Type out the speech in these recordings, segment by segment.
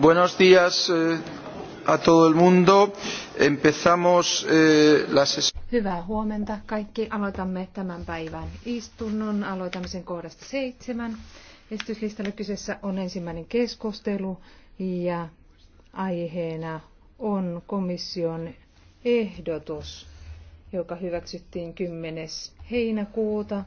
Buenos días eh, a todo el mundo. Empezamos eh, la sesión. Hyvää huomenta kaikki. Aloitamme tämän päivän istunnon aloitamisen kohdasta seitsemän. Esityslistalla kyseessä on ensimmäinen keskustelu ja aiheena on komission ehdotus, joka hyväksyttiin 10. heinäkuuta.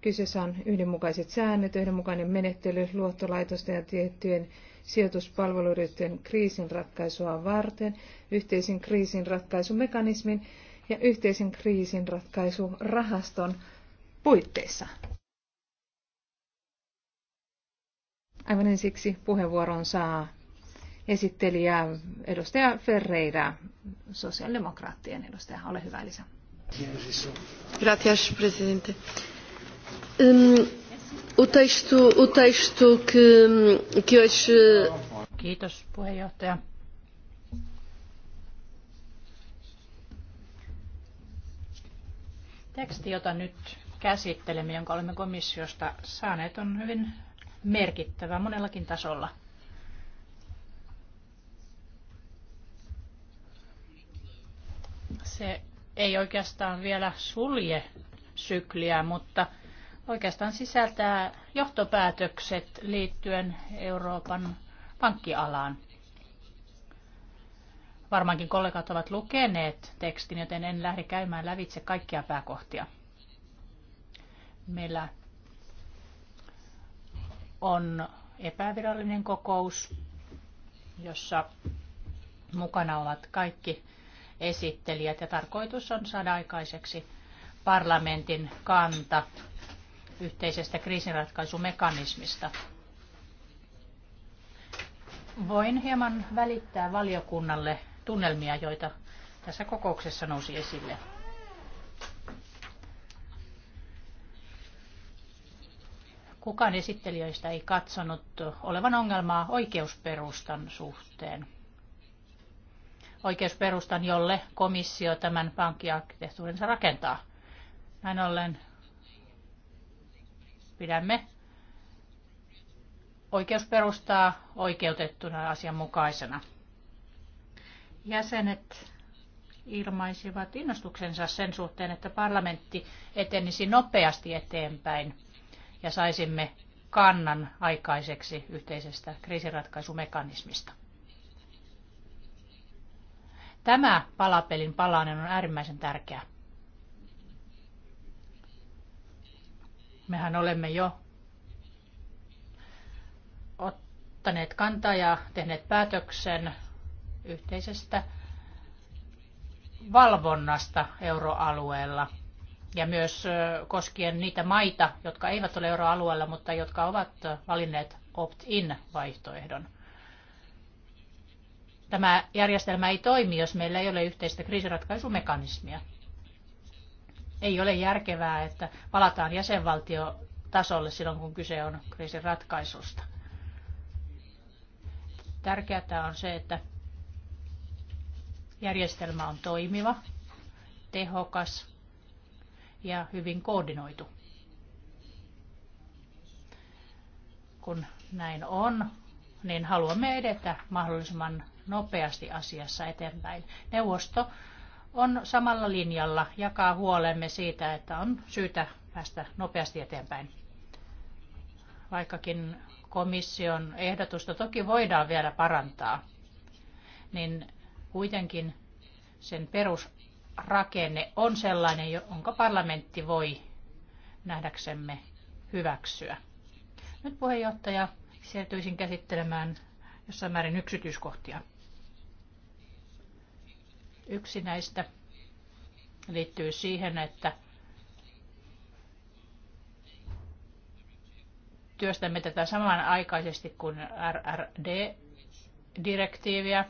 Kyseessä on yhdenmukaiset säännöt, yhdenmukainen menettely luottolaitosten ja tiettyjen sijoituspalveluiden kriisinratkaisua varten, yhteisen kriisinratkaisumekanismin ja yhteisen kriisinratkaisurahaston puitteissa. Aivan ensiksi puheenvuoron saa esittelijä edustaja Ferreira, sosiaalidemokraattien edustaja. Ole hyvä, Elisa. Gracias, presidente. Um, O texto, o texto que, que hoje... Kiitos puheenjohtaja. Teksti, jota nyt käsittelemme, jonka olemme komissiosta saaneet, on hyvin merkittävä monellakin tasolla. Se ei oikeastaan vielä sulje sykliä, mutta oikeastaan sisältää johtopäätökset liittyen Euroopan pankkialaan. Varmaankin kollegat ovat lukeneet tekstin, joten en lähde käymään lävitse kaikkia pääkohtia. Meillä on epävirallinen kokous, jossa mukana ovat kaikki esittelijät ja tarkoitus on saada aikaiseksi parlamentin kanta yhteisestä kriisinratkaisumekanismista. Voin hieman välittää valiokunnalle tunnelmia, joita tässä kokouksessa nousi esille. Kukaan esittelijöistä ei katsonut olevan ongelmaa oikeusperustan suhteen oikeusperustan, jolle komissio tämän pankkiarkkitehtuurinsa rakentaa. Näin ollen pidämme oikeusperustaa oikeutettuna asianmukaisena. Jäsenet ilmaisivat innostuksensa sen suhteen, että parlamentti etenisi nopeasti eteenpäin ja saisimme kannan aikaiseksi yhteisestä kriisiratkaisumekanismista. Tämä palapelin palanen on äärimmäisen tärkeä. Mehän olemme jo ottaneet kantaa ja tehneet päätöksen yhteisestä valvonnasta euroalueella ja myös koskien niitä maita, jotka eivät ole euroalueella, mutta jotka ovat valinneet opt-in-vaihtoehdon. Tämä järjestelmä ei toimi, jos meillä ei ole yhteistä kriisiratkaisumekanismia. Ei ole järkevää, että palataan jäsenvaltiotasolle silloin, kun kyse on kriisin ratkaisusta. Tärkeää on se, että järjestelmä on toimiva, tehokas ja hyvin koordinoitu. Kun näin on, niin haluamme edetä mahdollisimman nopeasti asiassa eteenpäin. Neuvosto on samalla linjalla, jakaa huolemme siitä, että on syytä päästä nopeasti eteenpäin. Vaikkakin komission ehdotusta toki voidaan vielä parantaa, niin kuitenkin sen perusrakenne on sellainen, jonka parlamentti voi nähdäksemme hyväksyä. Nyt puheenjohtaja siirtyisin käsittelemään jossain määrin yksityiskohtia. Yksi näistä liittyy siihen, että työstämme tätä samanaikaisesti kuin RRD-direktiiviä.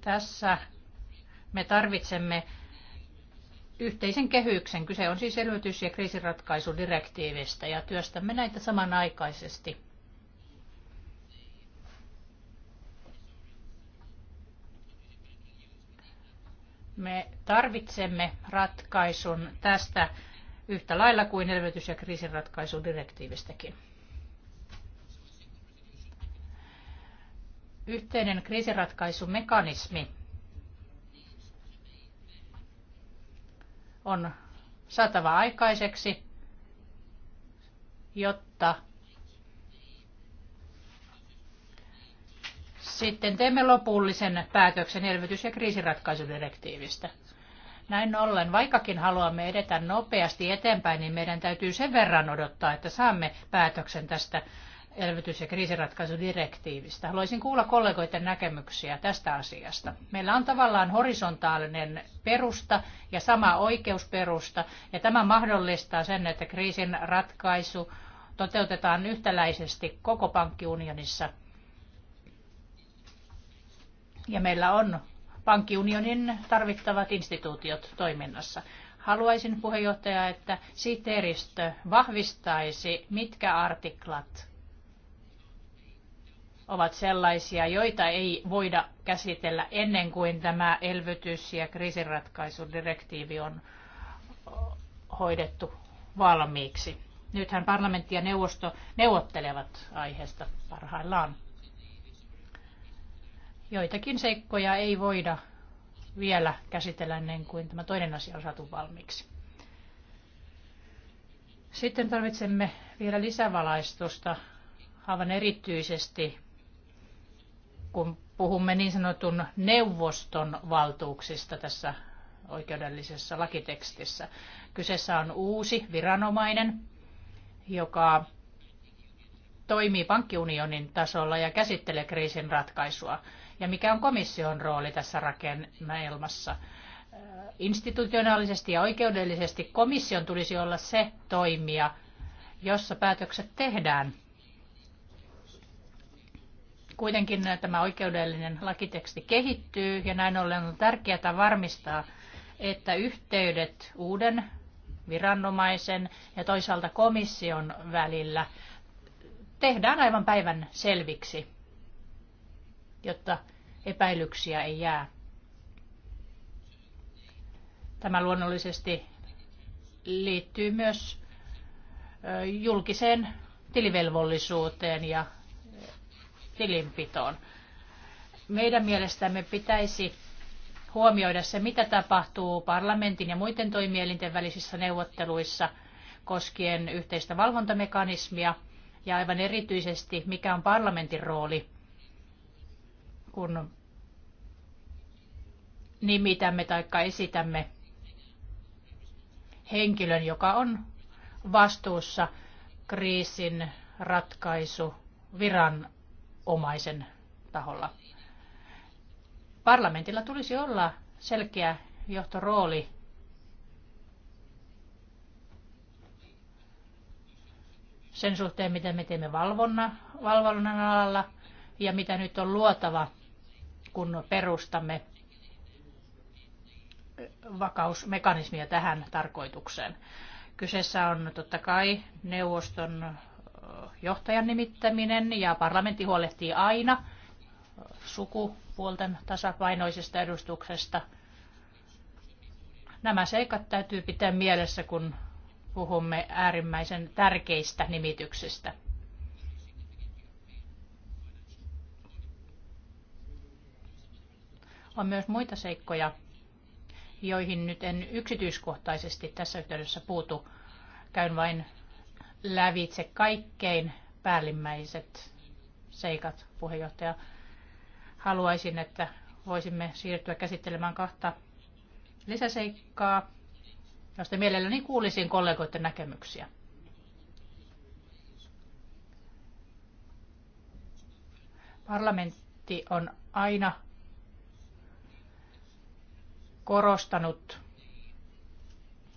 Tässä me tarvitsemme yhteisen kehyksen. Kyse on siis elvytys- ja kriisiratkaisudirektiivistä ja työstämme näitä samanaikaisesti. Me tarvitsemme ratkaisun tästä yhtä lailla kuin elvytys- ja kriisinratkaisudirektiivistäkin. Yhteinen kriisiratkaisumekanismi on saatava aikaiseksi, jotta sitten teemme lopullisen päätöksen elvytys- ja kriisiratkaisudirektiivistä. Näin ollen, vaikkakin haluamme edetä nopeasti eteenpäin, niin meidän täytyy sen verran odottaa, että saamme päätöksen tästä elvytys- ja kriisiratkaisudirektiivistä. Haluaisin kuulla kollegoiden näkemyksiä tästä asiasta. Meillä on tavallaan horisontaalinen perusta ja sama oikeusperusta, ja tämä mahdollistaa sen, että kriisin ratkaisu toteutetaan yhtäläisesti koko pankkiunionissa – ja meillä on pankkiunionin tarvittavat instituutiot toiminnassa. Haluaisin puheenjohtaja, että siteeristö vahvistaisi, mitkä artiklat ovat sellaisia, joita ei voida käsitellä ennen kuin tämä elvytys- ja kriisinratkaisudirektiivi on hoidettu valmiiksi. Nythän parlamentti ja neuvosto neuvottelevat aiheesta parhaillaan joitakin seikkoja ei voida vielä käsitellä ennen kuin tämä toinen asia on saatu valmiiksi. Sitten tarvitsemme vielä lisävalaistusta, aivan erityisesti kun puhumme niin sanotun neuvoston valtuuksista tässä oikeudellisessa lakitekstissä. Kyseessä on uusi viranomainen, joka toimii pankkiunionin tasolla ja käsittelee kriisin ratkaisua ja mikä on komission rooli tässä rakennelmassa. Äh, institutionaalisesti ja oikeudellisesti komission tulisi olla se toimija, jossa päätökset tehdään. Kuitenkin tämä oikeudellinen lakiteksti kehittyy ja näin ollen on tärkeää varmistaa, että yhteydet uuden viranomaisen ja toisaalta komission välillä tehdään aivan päivän selviksi jotta epäilyksiä ei jää. Tämä luonnollisesti liittyy myös julkiseen tilivelvollisuuteen ja tilinpitoon. Meidän mielestämme pitäisi huomioida se, mitä tapahtuu parlamentin ja muiden toimielinten välisissä neuvotteluissa koskien yhteistä valvontamekanismia ja aivan erityisesti, mikä on parlamentin rooli kun nimitämme tai esitämme henkilön, joka on vastuussa kriisin ratkaisu viranomaisen taholla. Parlamentilla tulisi olla selkeä johtorooli sen suhteen, mitä me teemme valvonnan, valvonnan alalla ja mitä nyt on luotava – kun perustamme vakausmekanismia tähän tarkoitukseen. Kyseessä on totta kai neuvoston johtajan nimittäminen ja parlamentti huolehtii aina sukupuolten tasapainoisesta edustuksesta. Nämä seikat täytyy pitää mielessä, kun puhumme äärimmäisen tärkeistä nimityksistä. On myös muita seikkoja, joihin nyt en yksityiskohtaisesti tässä yhteydessä puutu. Käyn vain lävitse kaikkein päällimmäiset seikat, puheenjohtaja. Haluaisin, että voisimme siirtyä käsittelemään kahta lisäseikkaa, josta mielelläni kuulisin kollegoiden näkemyksiä. Parlamentti on aina korostanut,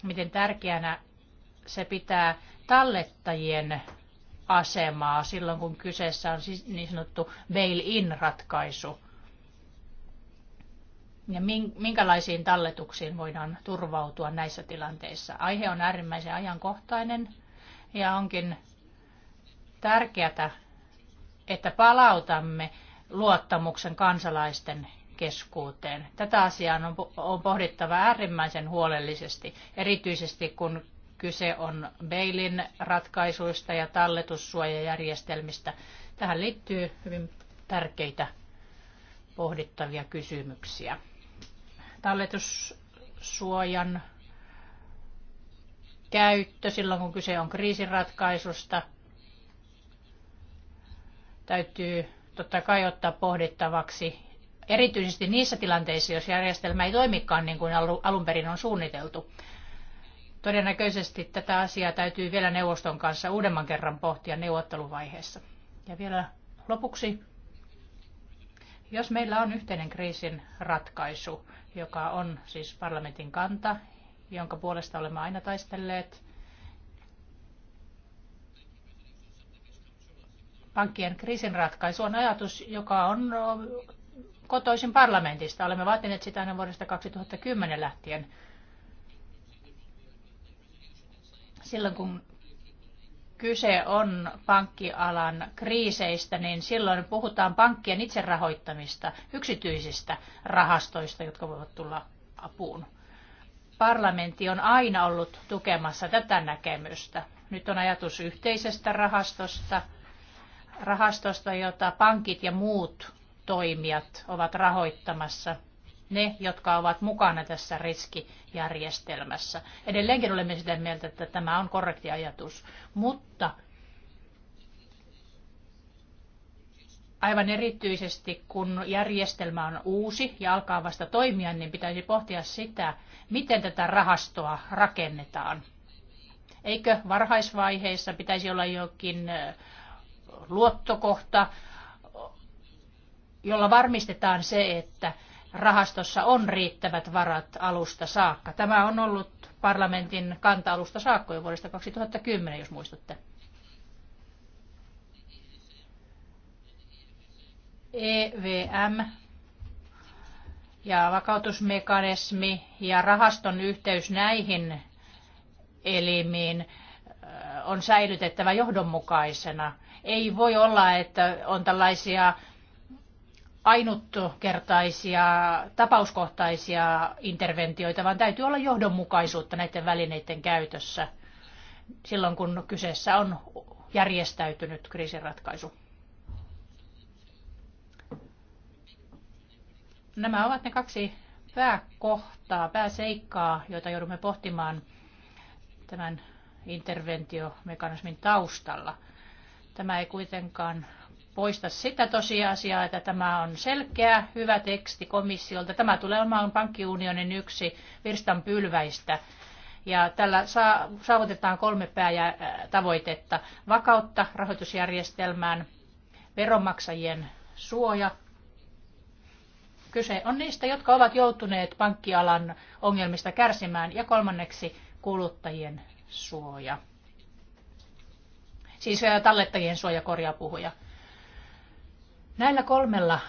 miten tärkeänä se pitää tallettajien asemaa silloin, kun kyseessä on siis niin sanottu bail-in-ratkaisu. Ja minkälaisiin talletuksiin voidaan turvautua näissä tilanteissa. Aihe on äärimmäisen ajankohtainen ja onkin tärkeää, että palautamme luottamuksen kansalaisten keskuuteen. Tätä asiaa on pohdittava äärimmäisen huolellisesti, erityisesti kun kyse on Beilin ratkaisuista ja talletussuojajärjestelmistä. Tähän liittyy hyvin tärkeitä pohdittavia kysymyksiä. Talletussuojan käyttö silloin, kun kyse on kriisiratkaisusta, täytyy totta kai ottaa pohdittavaksi erityisesti niissä tilanteissa, jos järjestelmä ei toimikaan niin kuin alun perin on suunniteltu. Todennäköisesti tätä asiaa täytyy vielä neuvoston kanssa uudemman kerran pohtia neuvotteluvaiheessa. Ja vielä lopuksi, jos meillä on yhteinen kriisin ratkaisu, joka on siis parlamentin kanta, jonka puolesta olemme aina taistelleet, pankkien kriisinratkaisu on ajatus, joka on kotoisin parlamentista. Olemme vaatineet sitä aina vuodesta 2010 lähtien. Silloin kun kyse on pankkialan kriiseistä, niin silloin puhutaan pankkien itse rahoittamista yksityisistä rahastoista, jotka voivat tulla apuun. Parlamentti on aina ollut tukemassa tätä näkemystä. Nyt on ajatus yhteisestä rahastosta, rahastosta, jota pankit ja muut toimijat ovat rahoittamassa ne, jotka ovat mukana tässä riskijärjestelmässä. Edelleenkin olemme sitä mieltä, että tämä on korrekti ajatus, mutta aivan erityisesti kun järjestelmä on uusi ja alkaa vasta toimia, niin pitäisi pohtia sitä, miten tätä rahastoa rakennetaan. Eikö varhaisvaiheessa pitäisi olla jokin luottokohta, jolla varmistetaan se, että rahastossa on riittävät varat alusta saakka. Tämä on ollut parlamentin kanta-alusta saakka jo vuodesta 2010, jos muistatte. EVM ja vakautusmekanismi ja rahaston yhteys näihin elimiin äh, on säilytettävä johdonmukaisena. Ei voi olla, että on tällaisia ainutkertaisia, tapauskohtaisia interventioita, vaan täytyy olla johdonmukaisuutta näiden välineiden käytössä silloin, kun kyseessä on järjestäytynyt kriisinratkaisu. Nämä ovat ne kaksi pääkohtaa, pääseikkaa, joita joudumme pohtimaan tämän interventiomekanismin taustalla. Tämä ei kuitenkaan poista sitä tosiasiaa, että tämä on selkeä, hyvä teksti komissiolta. Tämä tulee olemaan pankkiunionin yksi virstan pylväistä. Ja tällä saavutetaan kolme päätavoitetta. Äh, Vakautta rahoitusjärjestelmään, veronmaksajien suoja. Kyse on niistä, jotka ovat joutuneet pankkialan ongelmista kärsimään. Ja kolmanneksi kuluttajien suoja. Siis äh, tallettajien suoja korjaa puhuja. Näillä kolmella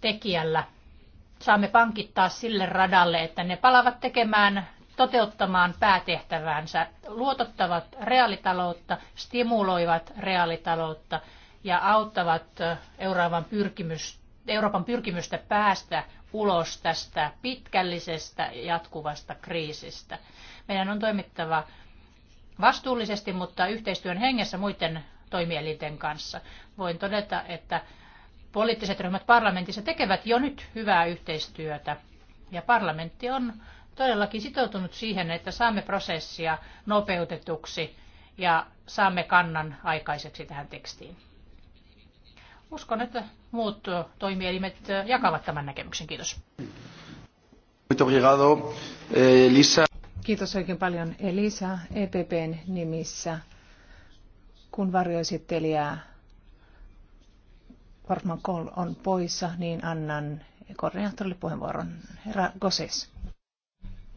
tekijällä saamme pankit taas sille radalle, että ne palavat tekemään toteuttamaan päätehtäväänsä, luotottavat reaalitaloutta, stimuloivat reaalitaloutta ja auttavat Euroopan, pyrkimys, Euroopan pyrkimystä päästä ulos tästä pitkällisestä jatkuvasta kriisistä. Meidän on toimittava vastuullisesti, mutta yhteistyön hengessä muiden toimielinten kanssa. Voin todeta, että poliittiset ryhmät parlamentissa tekevät jo nyt hyvää yhteistyötä. Ja parlamentti on todellakin sitoutunut siihen, että saamme prosessia nopeutetuksi ja saamme kannan aikaiseksi tähän tekstiin. Uskon, että muut toimielimet jakavat tämän näkemyksen. Kiitos. Kiitos oikein paljon Elisa EPPn nimissä kun varjoesittelijä Portman Kol on poissa, niin annan koordinaattorille puheenvuoron. Herra Goses.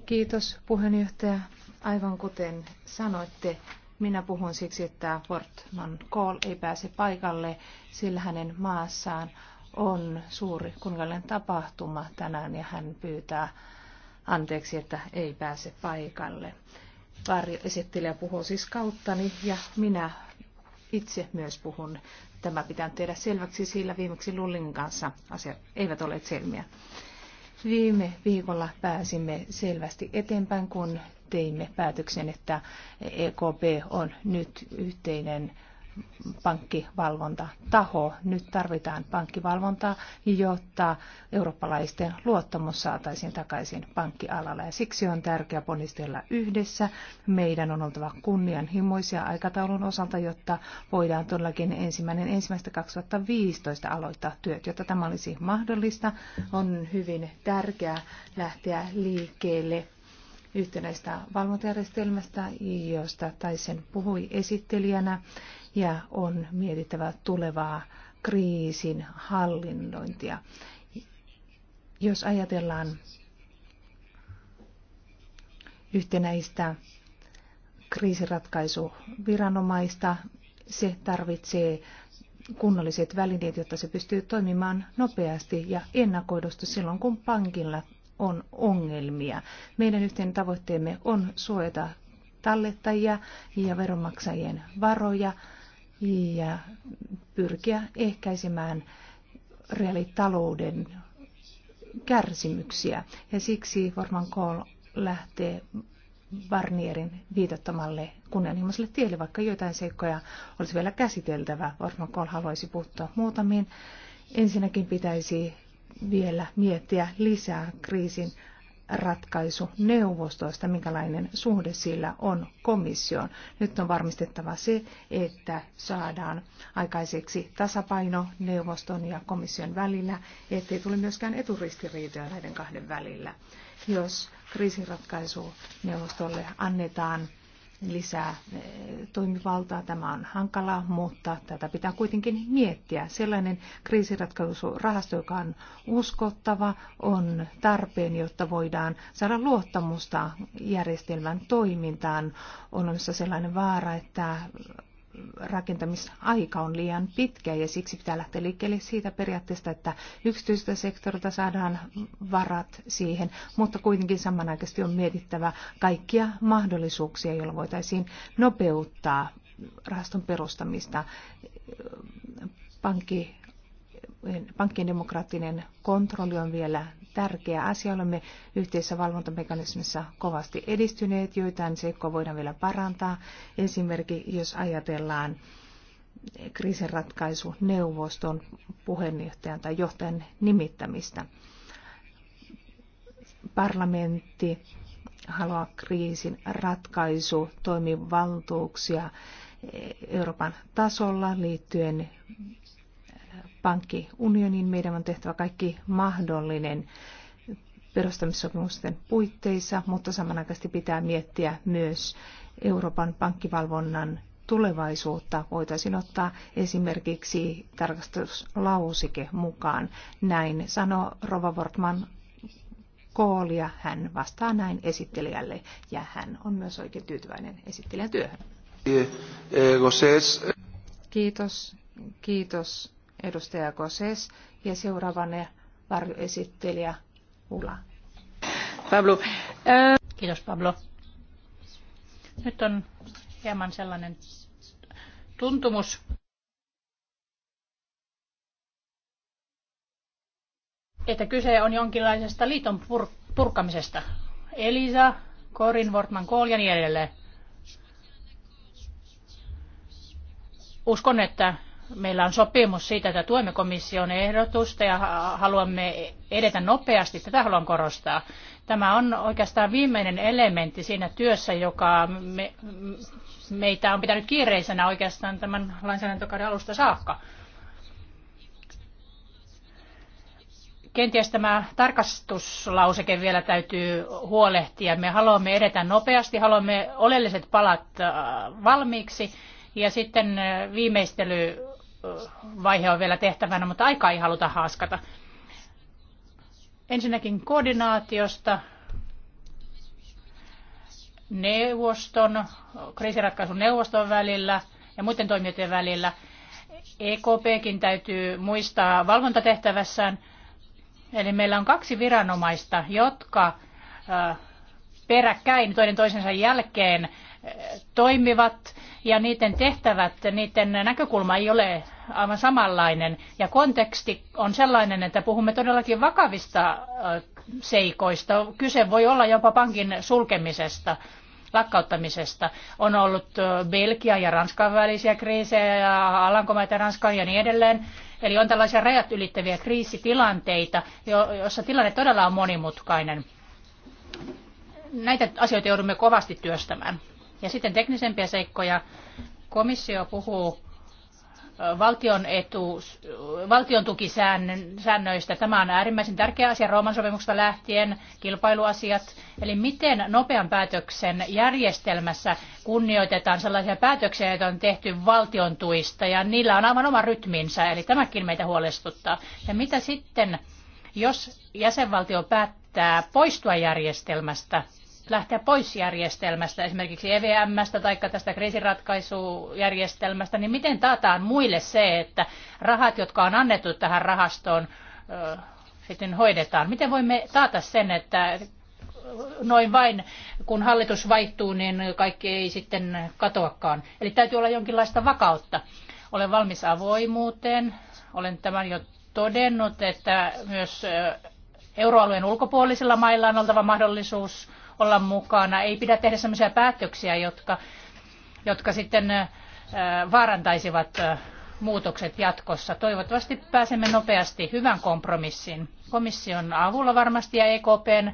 Kiitos puheenjohtaja. Aivan kuten sanoitte, minä puhun siksi, että Portman Call ei pääse paikalle, sillä hänen maassaan on suuri kuninkaallinen tapahtuma tänään ja hän pyytää anteeksi, että ei pääse paikalle. esittelijä puhuu siis kauttani ja minä itse myös puhun. Tämä pitää tehdä selväksi, sillä viimeksi Lullingin kanssa asiat eivät ole selmiä. Viime viikolla pääsimme selvästi eteenpäin, kun teimme päätöksen, että EKP on nyt yhteinen pankkivalvontataho. Nyt tarvitaan pankkivalvontaa, jotta eurooppalaisten luottamus saataisiin takaisin pankkialalle. Ja siksi on tärkeää ponnistella yhdessä. Meidän on oltava kunnianhimoisia aikataulun osalta, jotta voidaan todellakin ensimmäinen ensimmäistä 2015 aloittaa työt, jotta tämä olisi mahdollista. On hyvin tärkeää lähteä liikkeelle yhtenäistä valvontajärjestelmästä, josta Taisen puhui esittelijänä, ja on mietittävä tulevaa kriisin hallinnointia. Jos ajatellaan yhtenäistä kriisiratkaisuviranomaista, se tarvitsee kunnolliset välineet, jotta se pystyy toimimaan nopeasti ja ennakoidusti silloin, kun pankilla on ongelmia. Meidän yhteen tavoitteemme on suojata tallettajia ja veronmaksajien varoja ja pyrkiä ehkäisemään reaalitalouden kärsimyksiä. Ja siksi varmaan Kohl lähtee Barnierin viitottamalle kunnianhimoiselle tielle, vaikka joitain seikkoja olisi vielä käsiteltävä. Varmaan Kohl haluaisi puuttua muutamiin. Ensinnäkin pitäisi vielä miettiä lisää kriisin ratkaisuneuvostoista, minkälainen suhde sillä on komissioon. Nyt on varmistettava se, että saadaan aikaiseksi tasapaino neuvoston ja komission välillä, ettei tule myöskään eturistiriitoja näiden kahden välillä. Jos kriisinratkaisuneuvostolle annetaan lisää eh, toimivaltaa. Tämä on hankalaa, mutta tätä pitää kuitenkin miettiä. Sellainen kriisiratkaisurahasto, joka on uskottava, on tarpeen, jotta voidaan saada luottamusta järjestelmän toimintaan. On olemassa sellainen vaara, että rakentamisaika on liian pitkä ja siksi pitää lähteä liikkeelle siitä periaatteesta, että yksityiseltä sektorilta saadaan varat siihen, mutta kuitenkin samanaikaisesti on mietittävä kaikkia mahdollisuuksia, joilla voitaisiin nopeuttaa rahaston perustamista. Pankki pankkien demokraattinen kontrolli on vielä tärkeä asia. Olemme yhteisessä valvontamekanismissa kovasti edistyneet, joitain seikkoja voidaan vielä parantaa. Esimerkiksi jos ajatellaan neuvoston puheenjohtajan tai johtajan nimittämistä. Parlamentti haluaa kriisin ratkaisu toimivaltuuksia Euroopan tasolla liittyen pankkiunionin. Meidän on tehtävä kaikki mahdollinen perustamissopimusten puitteissa, mutta samanaikaisesti pitää miettiä myös Euroopan pankkivalvonnan tulevaisuutta. Voitaisiin ottaa esimerkiksi tarkastuslausike mukaan. Näin sanoi Rova Wortman Kool ja hän vastaa näin esittelijälle ja hän on myös oikein tyytyväinen esittelijätyöhön. Kiitos, kiitos edustaja Koses ja seuraavana varjoesittelijä Ula. Pablo. Ää... Kiitos Pablo. Nyt on hieman sellainen tuntumus. että kyse on jonkinlaisesta liiton pur- purkamisesta. Elisa, Corin, Wortman, Kool ja niin edelleen. Uskon, että meillä on sopimus siitä, että tuemme komission ehdotusta ja haluamme edetä nopeasti. Tätä haluan korostaa. Tämä on oikeastaan viimeinen elementti siinä työssä, joka me, meitä on pitänyt kiireisenä oikeastaan tämän lainsäädäntökauden alusta saakka. Kenties tämä tarkastuslauseke vielä täytyy huolehtia. Me haluamme edetä nopeasti, haluamme oleelliset palat äh, valmiiksi ja sitten äh, viimeistely vaihe on vielä tehtävänä, mutta aikaa ei haluta haaskata. Ensinnäkin koordinaatiosta, neuvoston, kriisiratkaisun neuvoston välillä ja muiden toimijoiden välillä. EKPkin täytyy muistaa valvontatehtävässään. Eli meillä on kaksi viranomaista, jotka peräkkäin toinen toisensa jälkeen toimivat ja niiden tehtävät, niiden näkökulma ei ole aivan samanlainen. Ja konteksti on sellainen, että puhumme todellakin vakavista seikoista. Kyse voi olla jopa pankin sulkemisesta lakkauttamisesta. On ollut Belgia ja Ranskan välisiä kriisejä ja Alankomaita ja Ranskan ja niin edelleen. Eli on tällaisia rajat ylittäviä kriisitilanteita, joissa tilanne todella on monimutkainen. Näitä asioita joudumme kovasti työstämään. Ja sitten teknisempiä seikkoja. Komissio puhuu valtion, etu, valtion tukisäännöistä. Tämä on äärimmäisen tärkeä asia Rooman sopimuksesta lähtien, kilpailuasiat. Eli miten nopean päätöksen järjestelmässä kunnioitetaan sellaisia päätöksiä, joita on tehty valtion tuista, ja niillä on aivan oma rytminsä, eli tämäkin meitä huolestuttaa. Ja mitä sitten, jos jäsenvaltio päättää poistua järjestelmästä, lähteä pois järjestelmästä, esimerkiksi EVMstä tai tästä kriisiratkaisujärjestelmästä, niin miten taataan muille se, että rahat, jotka on annettu tähän rahastoon, sitten hoidetaan? Miten voimme taata sen, että noin vain, kun hallitus vaihtuu, niin kaikki ei sitten katoakaan. Eli täytyy olla jonkinlaista vakautta. Olen valmis avoimuuteen. Olen tämän jo todennut, että myös euroalueen ulkopuolisilla mailla on oltava mahdollisuus olla mukana. Ei pidä tehdä sellaisia päätöksiä, jotka, jotka sitten vaarantaisivat muutokset jatkossa. Toivottavasti pääsemme nopeasti hyvän kompromissin. Komission avulla varmasti ja EKPn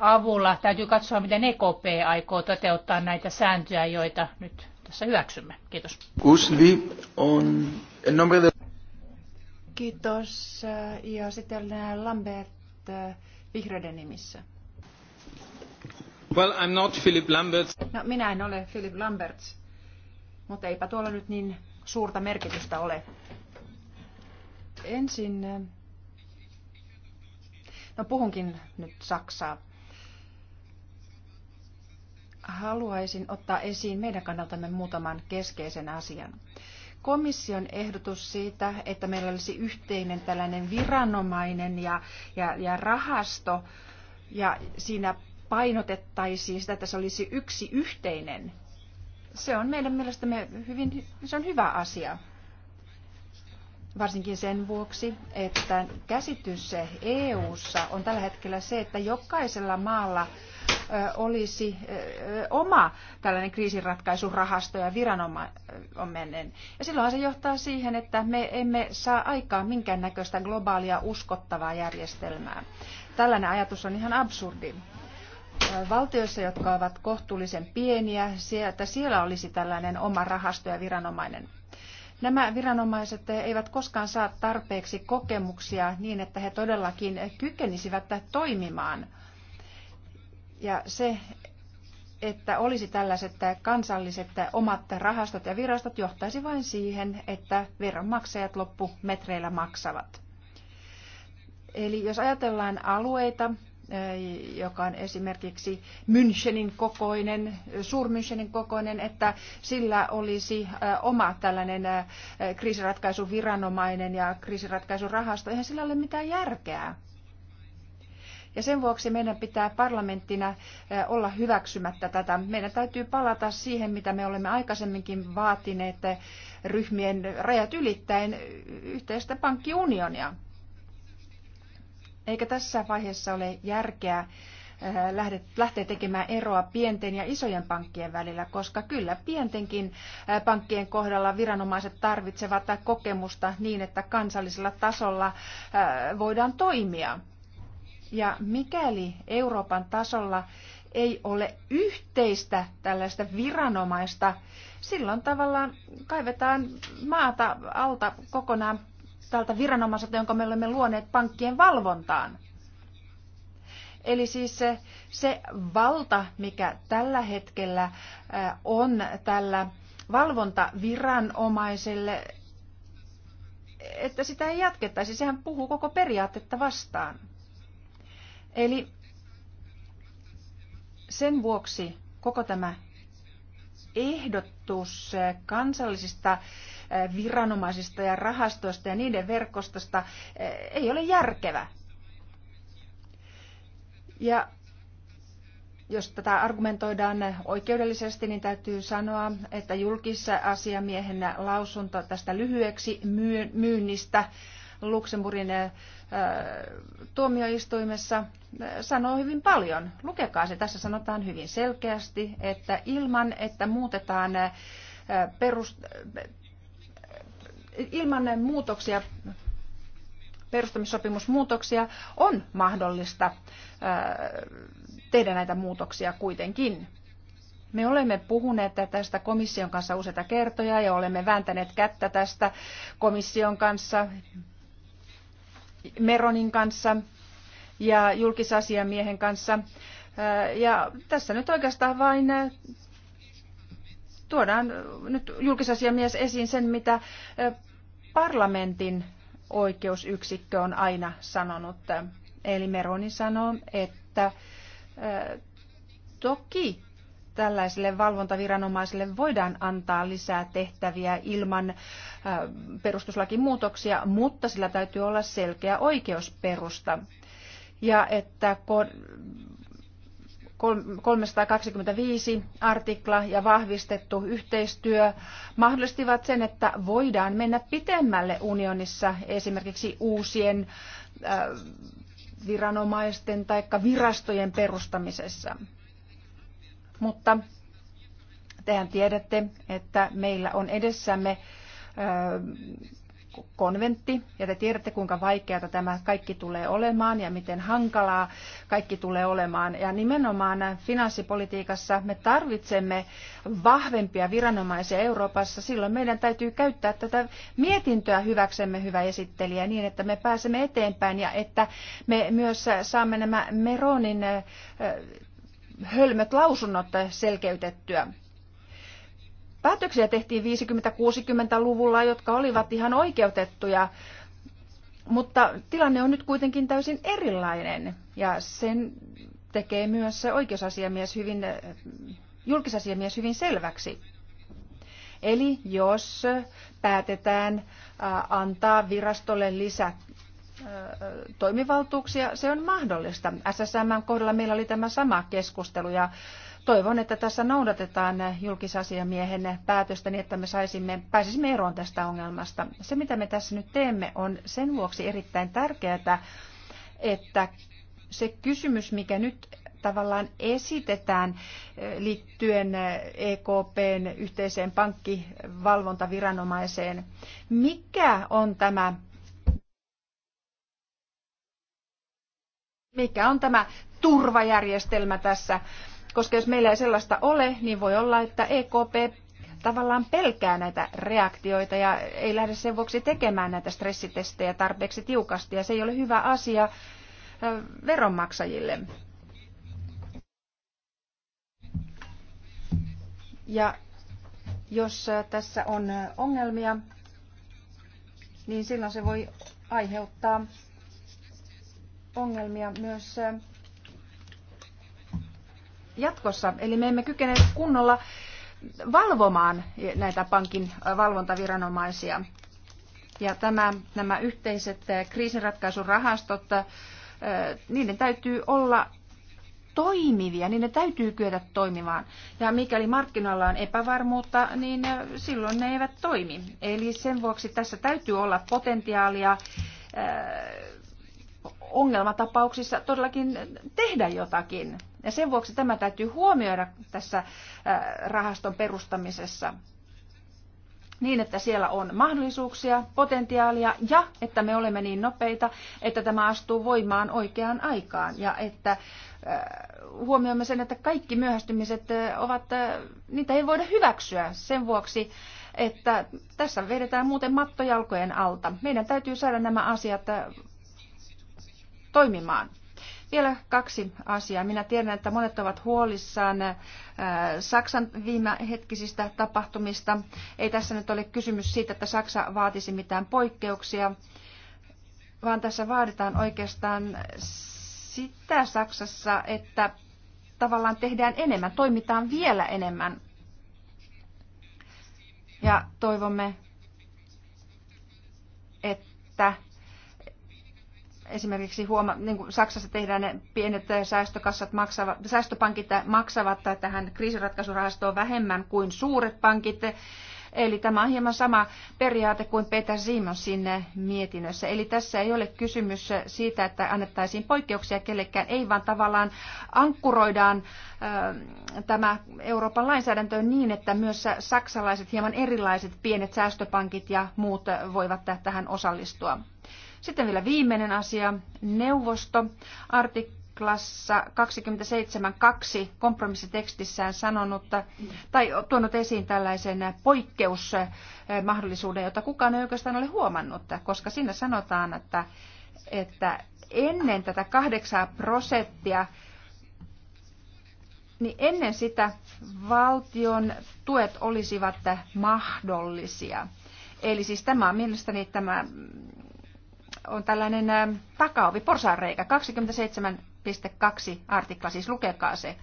avulla. Täytyy katsoa, miten EKP aikoo toteuttaa näitä sääntöjä, joita nyt tässä hyväksymme. Kiitos. on Kiitos. Ja sitten Lambert vihreiden nimissä. Well, I'm not Philip No, minä en ole Philip Lamberts, mutta eipä tuolla nyt niin suurta merkitystä ole. Ensin, eh, no puhunkin nyt Saksaa. Haluaisin ottaa esiin meidän kannaltamme muutaman keskeisen asian komission ehdotus siitä, että meillä olisi yhteinen tällainen viranomainen ja, ja, ja rahasto, ja siinä painotettaisiin sitä, että se olisi yksi yhteinen. Se on meidän mielestämme hyvin, se on hyvä asia. Varsinkin sen vuoksi, että käsitys EU:ssa on tällä hetkellä se, että jokaisella maalla olisi oma tällainen kriisinratkaisurahasto ja viranomainen. Ja silloinhan se johtaa siihen, että me emme saa aikaan minkäännäköistä globaalia uskottavaa järjestelmää. Tällainen ajatus on ihan absurdi valtioissa, jotka ovat kohtuullisen pieniä, että siellä olisi tällainen oma rahasto ja viranomainen. Nämä viranomaiset eivät koskaan saa tarpeeksi kokemuksia niin, että he todellakin kykenisivät toimimaan. Ja se, että olisi tällaiset kansalliset omat rahastot ja virastot, johtaisi vain siihen, että veronmaksajat loppumetreillä maksavat. Eli jos ajatellaan alueita, joka on esimerkiksi Münchenin kokoinen, Suurmünchenin kokoinen, että sillä olisi oma tällainen kriisiratkaisuviranomainen ja kriisiratkaisurahasto. Eihän sillä ole mitään järkeä. Ja sen vuoksi meidän pitää parlamenttina olla hyväksymättä tätä. Meidän täytyy palata siihen, mitä me olemme aikaisemminkin vaatineet ryhmien rajat ylittäen yhteistä pankkiunionia. Eikä tässä vaiheessa ole järkeä äh, lähteä tekemään eroa pienten ja isojen pankkien välillä, koska kyllä pientenkin äh, pankkien kohdalla viranomaiset tarvitsevat kokemusta niin, että kansallisella tasolla äh, voidaan toimia. Ja mikäli Euroopan tasolla ei ole yhteistä tällaista viranomaista, silloin tavallaan kaivetaan maata alta kokonaan tältä viranomaiselta, jonka me olemme luoneet pankkien valvontaan. Eli siis se, se valta, mikä tällä hetkellä on tällä valvontaviranomaiselle, että sitä ei jatkettaisi, sehän puhuu koko periaatetta vastaan. Eli sen vuoksi koko tämä ehdotus eh, kansallisista eh, viranomaisista ja rahastoista ja niiden verkostosta eh, ei ole järkevä. Ja jos tätä argumentoidaan oikeudellisesti, niin täytyy sanoa, että julkisasiamiehen lausunto tästä lyhyeksi myynnistä Luxemburgin äh, tuomioistuimessa äh, sanoo hyvin paljon. Lukekaa se. Tässä sanotaan hyvin selkeästi, että ilman, että muutetaan äh, perust, ilman muutoksia perustamissopimusmuutoksia on mahdollista tehdä näitä muutoksia kuitenkin. Me olemme puhuneet tästä komission kanssa useita kertoja ja olemme vääntäneet kättä tästä komission kanssa Meronin kanssa ja julkisasiamiehen kanssa. Äh, ja tässä nyt oikeastaan vain äh, tuodaan nyt julkisasiamies esiin sen, mitä äh, parlamentin oikeusyksikkö on aina sanonut. Eli Meroni sanoo, että toki tällaiselle valvontaviranomaiselle voidaan antaa lisää tehtäviä ilman äh, perustuslakimuutoksia, mutta sillä täytyy olla selkeä oikeusperusta. Ja että 325 artikla ja vahvistettu yhteistyö mahdollistivat sen, että voidaan mennä pitemmälle unionissa esimerkiksi uusien äh, viranomaisten tai virastojen perustamisessa. Mutta tehän tiedätte, että meillä on edessämme konventti, ja te tiedätte, kuinka vaikeata tämä kaikki tulee olemaan ja miten hankalaa kaikki tulee olemaan. Ja nimenomaan finanssipolitiikassa me tarvitsemme vahvempia viranomaisia Euroopassa. Silloin meidän täytyy käyttää tätä mietintöä hyväksemme, hyvä esittelijä, niin että me pääsemme eteenpäin ja että me myös saamme nämä Meronin hölmöt lausunnot selkeytettyä. Päätöksiä tehtiin 50-60-luvulla, jotka olivat ihan oikeutettuja, mutta tilanne on nyt kuitenkin täysin erilainen ja sen tekee myös oikeusasiamies hyvin, julkisasiamies hyvin selväksi. Eli jos päätetään antaa virastolle lisää toimivaltuuksia, se on mahdollista. SSM kohdalla meillä oli tämä sama keskustelu ja toivon, että tässä noudatetaan julkisasiamiehen päätöstä niin, että me saisimme, pääsisimme eroon tästä ongelmasta. Se, mitä me tässä nyt teemme, on sen vuoksi erittäin tärkeää, että se kysymys, mikä nyt tavallaan esitetään liittyen EKPn yhteiseen pankkivalvontaviranomaiseen. Mikä on tämä mikä on tämä turvajärjestelmä tässä. Koska jos meillä ei sellaista ole, niin voi olla, että EKP tavallaan pelkää näitä reaktioita ja ei lähde sen vuoksi tekemään näitä stressitestejä tarpeeksi tiukasti. Ja se ei ole hyvä asia veronmaksajille. Ja jos tässä on ongelmia, niin silloin se voi aiheuttaa ongelmia myös jatkossa. Eli me emme kykene kunnolla valvomaan näitä pankin valvontaviranomaisia. Ja tämä, nämä yhteiset kriisinratkaisurahastot, niiden täytyy olla toimivia, niin ne täytyy kyetä toimimaan. Ja mikäli markkinoilla on epävarmuutta, niin silloin ne eivät toimi. Eli sen vuoksi tässä täytyy olla potentiaalia ongelmatapauksissa todellakin tehdä jotakin. Ja sen vuoksi tämä täytyy huomioida tässä rahaston perustamisessa niin, että siellä on mahdollisuuksia, potentiaalia ja että me olemme niin nopeita, että tämä astuu voimaan oikeaan aikaan ja että huomioimme sen, että kaikki myöhästymiset ovat, niitä ei voida hyväksyä sen vuoksi, että tässä vedetään muuten mattojalkojen alta. Meidän täytyy saada nämä asiat toimimaan. Vielä kaksi asiaa. Minä tiedän, että monet ovat huolissaan äh, Saksan viimehetkisistä tapahtumista. Ei tässä nyt ole kysymys siitä, että Saksa vaatisi mitään poikkeuksia, vaan tässä vaaditaan oikeastaan sitä Saksassa, että tavallaan tehdään enemmän, toimitaan vielä enemmän. Ja toivomme, että esimerkiksi huoma, niin kuin Saksassa tehdään ne pienet säästökassat maksavat, säästöpankit maksavat tähän kriisiratkaisurahastoon vähemmän kuin suuret pankit. Eli tämä on hieman sama periaate kuin Peter Simon sinne mietinnössä. Eli tässä ei ole kysymys siitä, että annettaisiin poikkeuksia kellekään, ei vaan tavallaan ankkuroidaan ö, tämä Euroopan lainsäädäntö niin, että myös saksalaiset hieman erilaiset pienet säästöpankit ja muut voivat tähän osallistua. Sitten vielä viimeinen asia, neuvosto. Artiklassa 27.2 kompromissitekstissään sanonut tai tuonut esiin tällaisen poikkeusmahdollisuuden, jota kukaan ei oikeastaan ole huomannut, koska siinä sanotaan, että, että ennen tätä 8 prosenttia niin ennen sitä valtion tuet olisivat mahdollisia. Eli siis tämä on mielestäni tämä on tällainen äh, takaovi, porsaanreikä, 27.2 artikla, siis lukekaa se.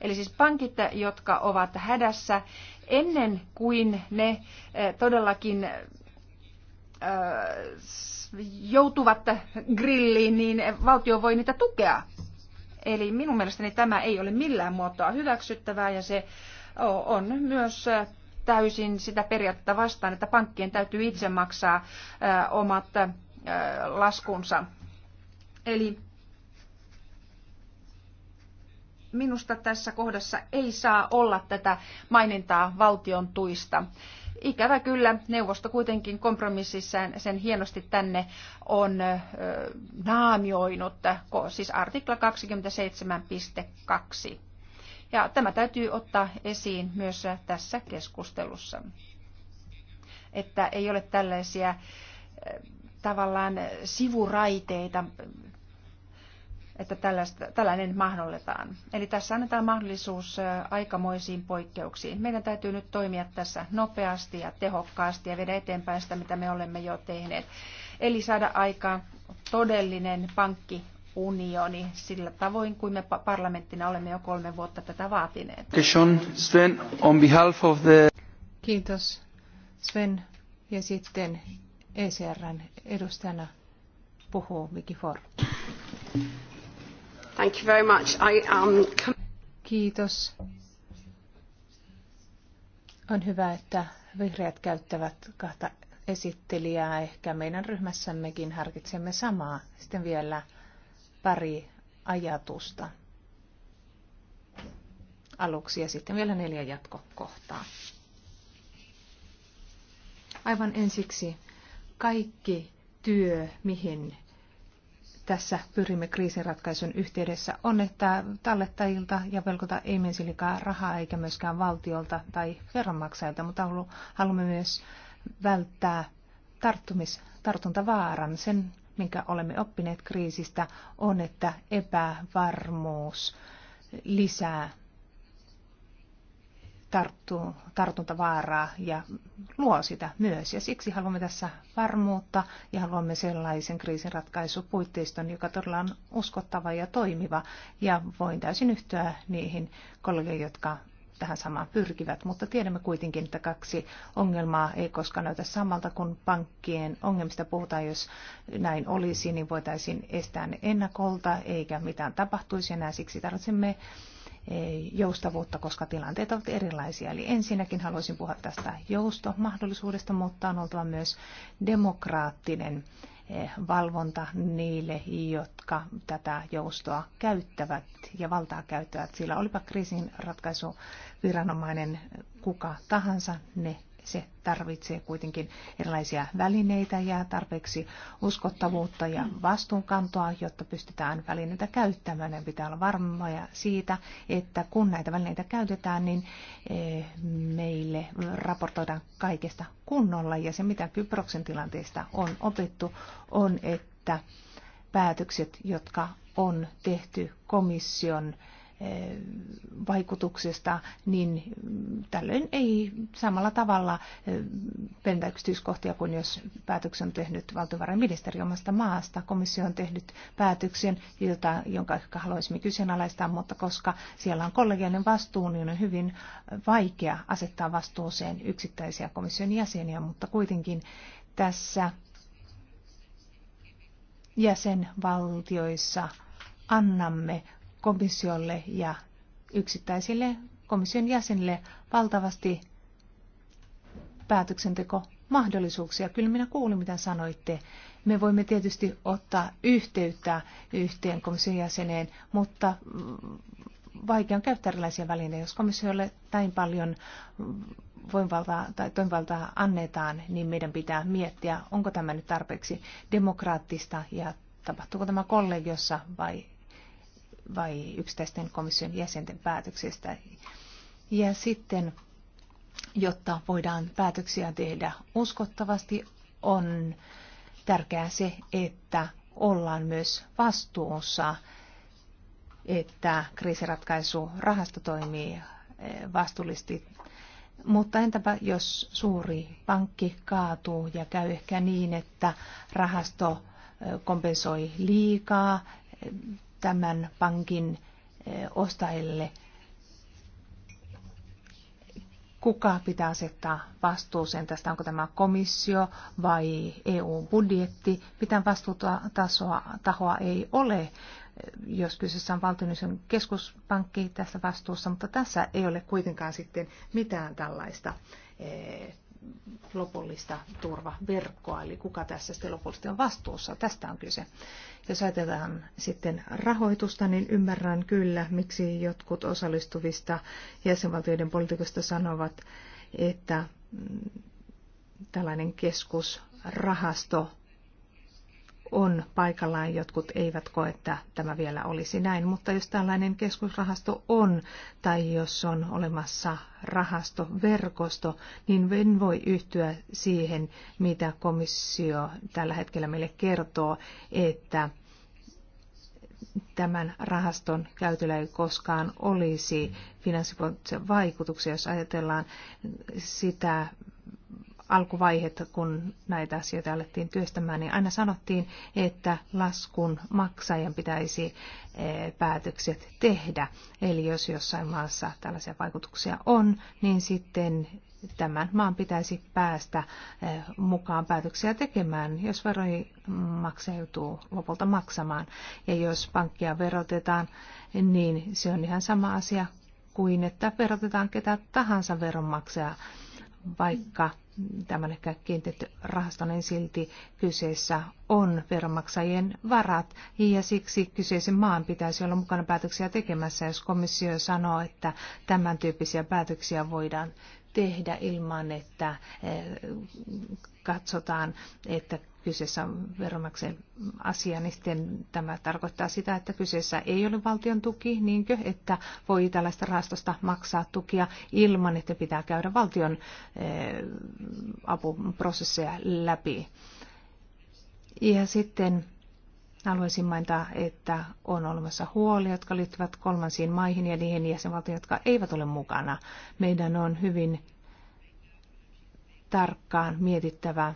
Eli siis pankit, jotka ovat hädässä ennen kuin ne äh, todellakin äh, joutuvat grilliin, niin valtio voi niitä tukea. Eli minun mielestäni tämä ei ole millään muotoa hyväksyttävää ja se on myös täysin sitä periaatetta vastaan, että pankkien täytyy itse maksaa omat Äh, laskunsa. Eli minusta tässä kohdassa ei saa olla tätä mainintaa valtion tuista. Ikävä kyllä, neuvosto kuitenkin kompromississään sen hienosti tänne on äh, naamioinut, siis artikla 27.2. Ja tämä täytyy ottaa esiin myös tässä keskustelussa, että ei ole tällaisia äh, tavallaan sivuraiteita, että tällainen mahdolletaan. Eli tässä annetaan mahdollisuus aikamoisiin poikkeuksiin. Meidän täytyy nyt toimia tässä nopeasti ja tehokkaasti ja viedä eteenpäin sitä, mitä me olemme jo tehneet. Eli saada aikaan todellinen pankki unioni sillä tavoin kuin me parlamenttina olemme jo kolme vuotta tätä vaatineet. Kiitos Sven ja sitten ECRn edustajana puhuu Vicky Ford. Thank you very much. I, um... Kiitos. On hyvä, että vihreät käyttävät kahta esittelijää. Ehkä meidän ryhmässämmekin harkitsemme samaa. Sitten vielä pari ajatusta aluksi ja sitten vielä neljä jatkokohtaa. Aivan ensiksi kaikki työ, mihin tässä pyrimme kriisinratkaisun yhteydessä, on, että tallettajilta ja velkota ei menisi liikaa rahaa eikä myöskään valtiolta tai veronmaksajilta, mutta haluamme myös välttää tarttumis, tartuntavaaran. Sen, minkä olemme oppineet kriisistä, on, että epävarmuus lisää tarttu, tartuntavaaraa ja luo sitä myös. Ja siksi haluamme tässä varmuutta ja haluamme sellaisen kriisinratkaisupuitteiston, joka todella on uskottava ja toimiva. Ja voin täysin yhtyä niihin kollegoihin, jotka tähän samaan pyrkivät, mutta tiedämme kuitenkin, että kaksi ongelmaa ei koskaan näytä samalta kuin pankkien ongelmista puhutaan. Jos näin olisi, niin voitaisiin estää ne ennakolta eikä mitään tapahtuisi enää. Siksi tarvitsemme Eh, joustavuutta, koska tilanteet ovat erilaisia. Eli ensinnäkin haluaisin puhua tästä joustomahdollisuudesta, mutta on oltava myös demokraattinen eh, valvonta niille, jotka tätä joustoa käyttävät ja valtaa käyttävät. Sillä olipa kriisin viranomainen kuka tahansa, ne se tarvitsee kuitenkin erilaisia välineitä ja tarpeeksi uskottavuutta ja vastuunkantoa, jotta pystytään välineitä käyttämään. Ja pitää olla varmoja siitä, että kun näitä välineitä käytetään, niin eh, meille raportoidaan kaikesta kunnolla. Ja se, mitä Kyproksen tilanteesta on opittu, on, että päätökset, jotka on tehty komission Eh, vaikutuksesta, niin mm, tällöin ei samalla tavalla eh, pentä yksityiskohtia kuin jos päätöksen on tehnyt valtiovarainministeri omasta maasta. Komissio on tehnyt päätöksen, jota, jonka ehkä haluaisimme kyseenalaistaa, mutta koska siellä on kollegiallinen vastuu, niin on hyvin vaikea asettaa vastuuseen yksittäisiä komission jäseniä, mutta kuitenkin tässä jäsenvaltioissa annamme komissiolle ja yksittäisille komission jäsenille valtavasti päätöksenteko mahdollisuuksia. Kyllä minä kuulin, mitä sanoitte. Me voimme tietysti ottaa yhteyttä yhteen komission jäseneen, mutta vaikea on käyttää erilaisia välineitä. Jos komissiolle näin paljon voimavaltaa tai toimivaltaa annetaan, niin meidän pitää miettiä, onko tämä nyt tarpeeksi demokraattista ja tapahtuuko tämä kollegiossa vai vai yksittäisten komission jäsenten päätöksistä. Ja sitten, jotta voidaan päätöksiä tehdä uskottavasti, on tärkeää se, että ollaan myös vastuussa, että kriisiratkaisurahasto toimii eh, vastuullisesti. Mutta entäpä jos suuri pankki kaatuu ja käy ehkä niin, että rahasto eh, kompensoi liikaa eh, tämän pankin eh, ostajille, kuka pitää asettaa vastuuseen tästä, onko tämä komissio vai EU-budjetti. Mitään vastuutasoa tahoa ei ole, eh, jos kyseessä on valtionyhtiön keskuspankki tässä vastuussa, mutta tässä ei ole kuitenkaan sitten mitään tällaista eh, lopullista turvaverkkoa, eli kuka tässä sitten lopullisesti on vastuussa. Tästä on kyse. Jos ajatellaan sitten rahoitusta, niin ymmärrän kyllä, miksi jotkut osallistuvista jäsenvaltioiden poliitikoista sanovat, että mm, tällainen keskusrahasto on paikallaan, jotkut eivät koe, että tämä vielä olisi näin, mutta jos tällainen keskusrahasto on tai jos on olemassa rahastoverkosto, niin en voi yhtyä siihen, mitä komissio tällä hetkellä meille kertoo, että tämän rahaston käytöllä ei koskaan olisi finanssipoliittisia vaikutuksia, jos ajatellaan sitä, Alkuvaiheet, kun näitä asioita alettiin työstämään, niin aina sanottiin, että laskun maksajan pitäisi eh, päätökset tehdä. Eli jos jossain maassa tällaisia vaikutuksia on, niin sitten tämän maan pitäisi päästä eh, mukaan päätöksiä tekemään, jos veronmaksaja joutuu lopulta maksamaan. Ja jos pankkia verotetaan, niin se on ihan sama asia kuin että verotetaan ketä tahansa veronmaksajaa vaikka tämä on ehkä kiinteätty rahasto, niin silti kyseessä on veronmaksajien varat ja siksi kyseisen maan pitäisi olla mukana päätöksiä tekemässä, jos komissio sanoo, että tämän tyyppisiä päätöksiä voidaan tehdä ilman, että eh, katsotaan, että kyseessä on veronmaksajan asia, niin sitten tämä tarkoittaa sitä, että kyseessä ei ole valtion tuki, niinkö, että voi tällaista rahastosta maksaa tukia ilman, että pitää käydä valtion eh, apuprosesseja läpi. Ja sitten haluaisin mainita, että on olemassa huolia, jotka liittyvät kolmansiin maihin ja niihin jäsenvaltioihin, jotka eivät ole mukana. Meidän on hyvin tarkkaan mietittävä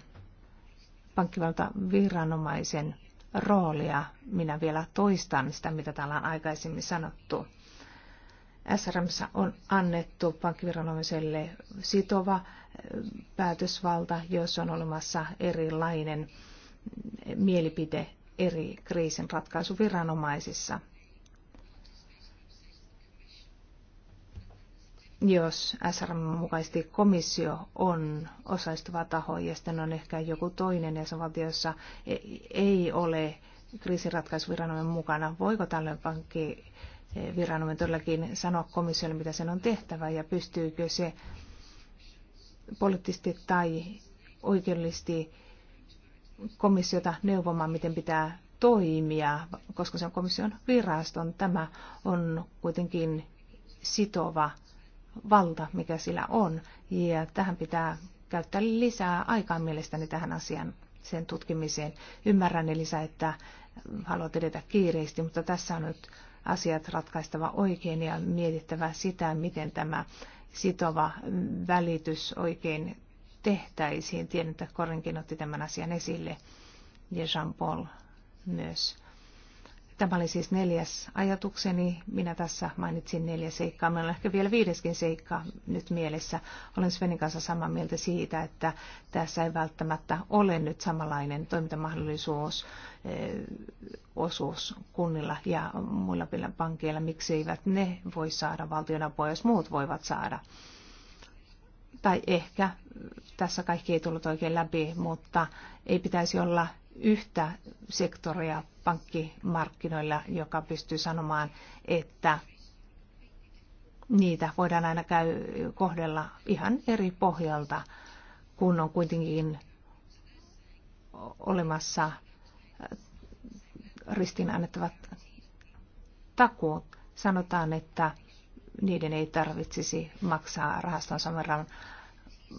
pankkivaltaviranomaisen roolia. Minä vielä toistan sitä, mitä täällä on aikaisemmin sanottu. SRM on annettu pankkiviranomaiselle sitova eh, päätösvalta, jos on olemassa erilainen mm, mielipide eri kriisin Jos SRM mukaisesti komissio on osaistuva taho ja sitten on ehkä joku toinen jäsenvaltio, jossa e- ei ole kriisinratkaisuviranomainen mukana, voiko tällöin pankki viranomainen todellakin sanoa komissiolle, mitä sen on tehtävä ja pystyykö se poliittisesti tai oikeudellisesti komissiota neuvomaan, miten pitää toimia, koska se on komission viraston. Tämä on kuitenkin sitova valta, mikä sillä on. Ja tähän pitää käyttää lisää aikaa mielestäni tähän asian sen tutkimiseen. Ymmärrän Elisa, että haluat edetä kiireesti, mutta tässä on nyt asiat ratkaistava oikein ja mietittävä sitä, miten tämä sitova välitys oikein tehtäisiin. Tiedän, että Korinkin otti tämän asian esille ja Jean-Paul myös. Tämä oli siis neljäs ajatukseni. Minä tässä mainitsin neljä seikkaa. Meillä on ehkä vielä viideskin seikka nyt mielessä. Olen Svenin kanssa samaa mieltä siitä, että tässä ei välttämättä ole nyt samanlainen toimintamahdollisuus eh, osuus kunnilla ja muilla pankeilla. Miksi eivät ne voi saada valtionapua, jos muut voivat saada? tai ehkä tässä kaikki ei tullut oikein läpi, mutta ei pitäisi olla yhtä sektoria pankkimarkkinoilla, joka pystyy sanomaan, että niitä voidaan aina käy, kohdella ihan eri pohjalta, kun on kuitenkin olemassa ristiin annettavat takuut. Sanotaan, että niiden ei tarvitsisi maksaa rahaston saman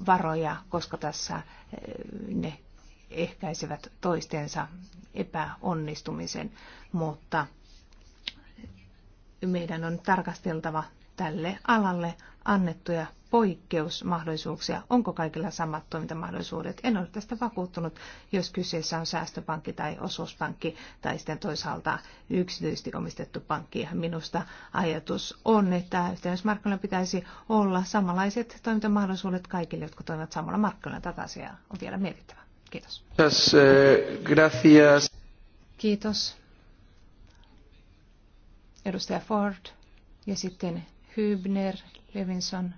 varoja, koska tässä eh, ne ehkäisevät toistensa epäonnistumisen, mutta meidän on tarkasteltava tälle alalle annettuja poikkeusmahdollisuuksia? Onko kaikilla samat toimintamahdollisuudet? En ole tästä vakuuttunut, jos kyseessä on säästöpankki tai osuuspankki tai sitten toisaalta yksityisesti omistettu pankki. Minusta ajatus on, että yhteydessä pitäisi olla samanlaiset toimintamahdollisuudet kaikille, jotka toimivat samalla markkinoilla. Tätä asiaa on vielä mietittävä. Kiitos. Eh, gracias. Kiitos. Edustaja Ford ja sitten Hübner, Levinson,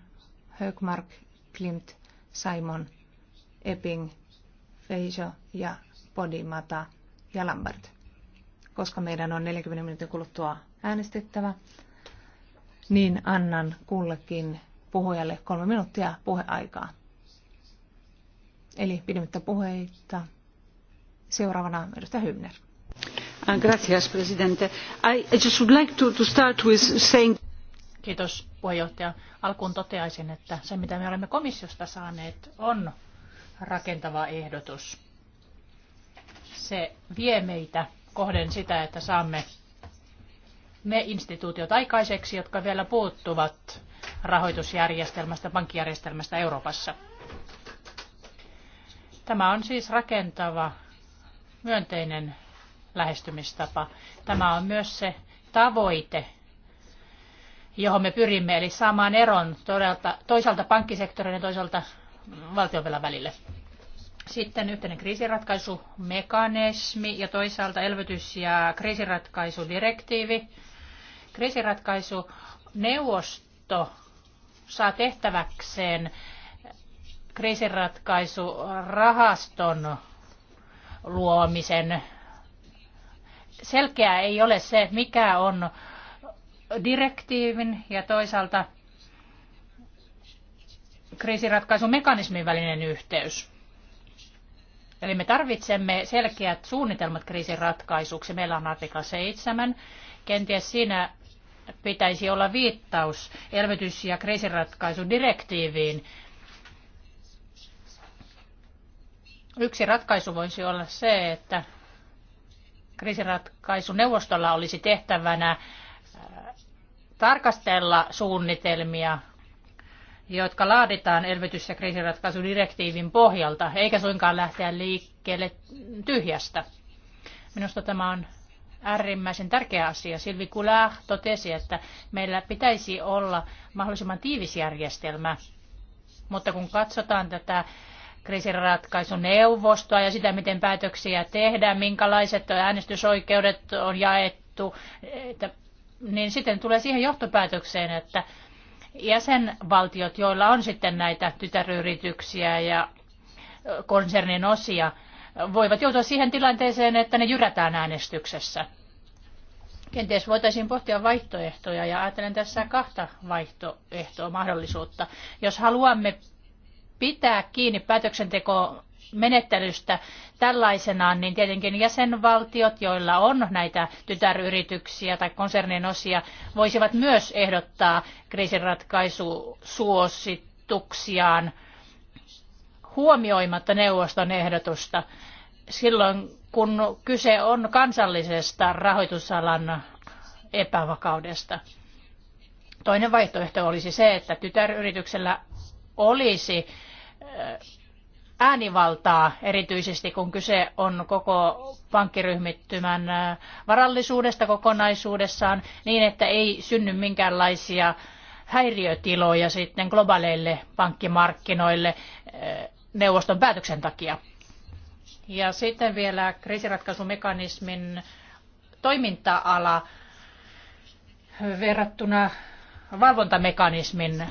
Högmark, Klimt, Simon, Epping, Feijo ja Podimata ja Lambert. Koska meidän on 40 minuutin kuluttua äänestettävä, niin annan kullekin puhujalle kolme minuuttia puheaikaa. Eli pidemmittä puheita. Seuraavana edustaja Hymner. Ah, gracias, presidente. I just would like to, to start with saying... Kiitos puheenjohtaja. Alkuun toteaisin, että se mitä me olemme komissiosta saaneet on rakentava ehdotus. Se vie meitä kohden sitä, että saamme ne instituutiot aikaiseksi, jotka vielä puuttuvat rahoitusjärjestelmästä, pankkijärjestelmästä Euroopassa. Tämä on siis rakentava, myönteinen lähestymistapa. Tämä on myös se tavoite, johon me pyrimme, eli saamaan eron todelta, toisaalta pankkisektorin ja toisaalta valtionvelan välille. Sitten yhteinen kriisiratkaisumekanismi ja toisaalta elvytys- ja kriisiratkaisudirektiivi. Kriisiratkaisuneuvosto saa tehtäväkseen kriisiratkaisurahaston luomisen. Selkeää ei ole se, mikä on direktiivin ja toisaalta kriisiratkaisumekanismin välinen yhteys. Eli me tarvitsemme selkeät suunnitelmat kriisin ratkaisuksi. Meillä on artikla 7. Kenties siinä pitäisi olla viittaus elvytys- ja kriisinratkaisudirektiiviin. Yksi ratkaisu voisi olla se, että kriisinratkaisuneuvostolla olisi tehtävänä tarkastella suunnitelmia, jotka laaditaan elvytys- ja kriisiratkaisudirektiivin pohjalta, eikä suinkaan lähteä liikkeelle tyhjästä. Minusta tämä on äärimmäisen tärkeä asia. Silvi Coulard totesi, että meillä pitäisi olla mahdollisimman tiivis järjestelmä, mutta kun katsotaan tätä kriisinratkaisuneuvostoa ja sitä, miten päätöksiä tehdään, minkälaiset äänestysoikeudet on jaettu, että niin sitten tulee siihen johtopäätökseen, että jäsenvaltiot, joilla on sitten näitä tytäryrityksiä ja konsernin osia, voivat joutua siihen tilanteeseen, että ne jyrätään äänestyksessä. Kenties voitaisiin pohtia vaihtoehtoja ja ajattelen tässä kahta vaihtoehtoa mahdollisuutta. Jos haluamme pitää kiinni päätöksenteko menettelystä tällaisenaan, niin tietenkin jäsenvaltiot, joilla on näitä tytäryrityksiä tai konsernin osia, voisivat myös ehdottaa kriisinratkaisusuosituksiaan huomioimatta neuvoston ehdotusta silloin, kun kyse on kansallisesta rahoitusalan epävakaudesta. Toinen vaihtoehto olisi se, että tytäryrityksellä olisi äänivaltaa, erityisesti kun kyse on koko pankkiryhmittymän äh, varallisuudesta kokonaisuudessaan, niin että ei synny minkäänlaisia häiriötiloja sitten globaaleille pankkimarkkinoille äh, neuvoston päätöksen takia. Ja sitten vielä kriisiratkaisumekanismin toiminta-ala verrattuna valvontamekanismin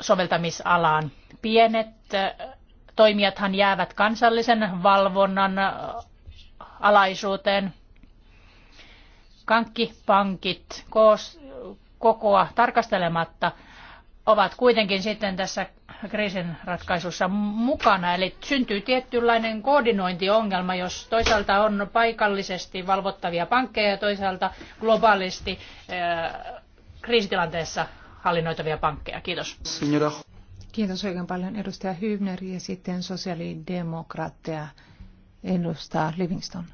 soveltamisalaan. Pienet äh, toimijathan jäävät kansallisen valvonnan alaisuuteen. Kankkipankit koos, kokoa tarkastelematta ovat kuitenkin sitten tässä kriisin ratkaisussa mukana. Eli syntyy tietynlainen koordinointiongelma, jos toisaalta on paikallisesti valvottavia pankkeja ja toisaalta globaalisti kriisitilanteessa hallinnoitavia pankkeja. Kiitos. Signora. Kiitos oikein paljon edustaja Hyvner ja sitten sosiaalidemokraatteja edustaa Livingston.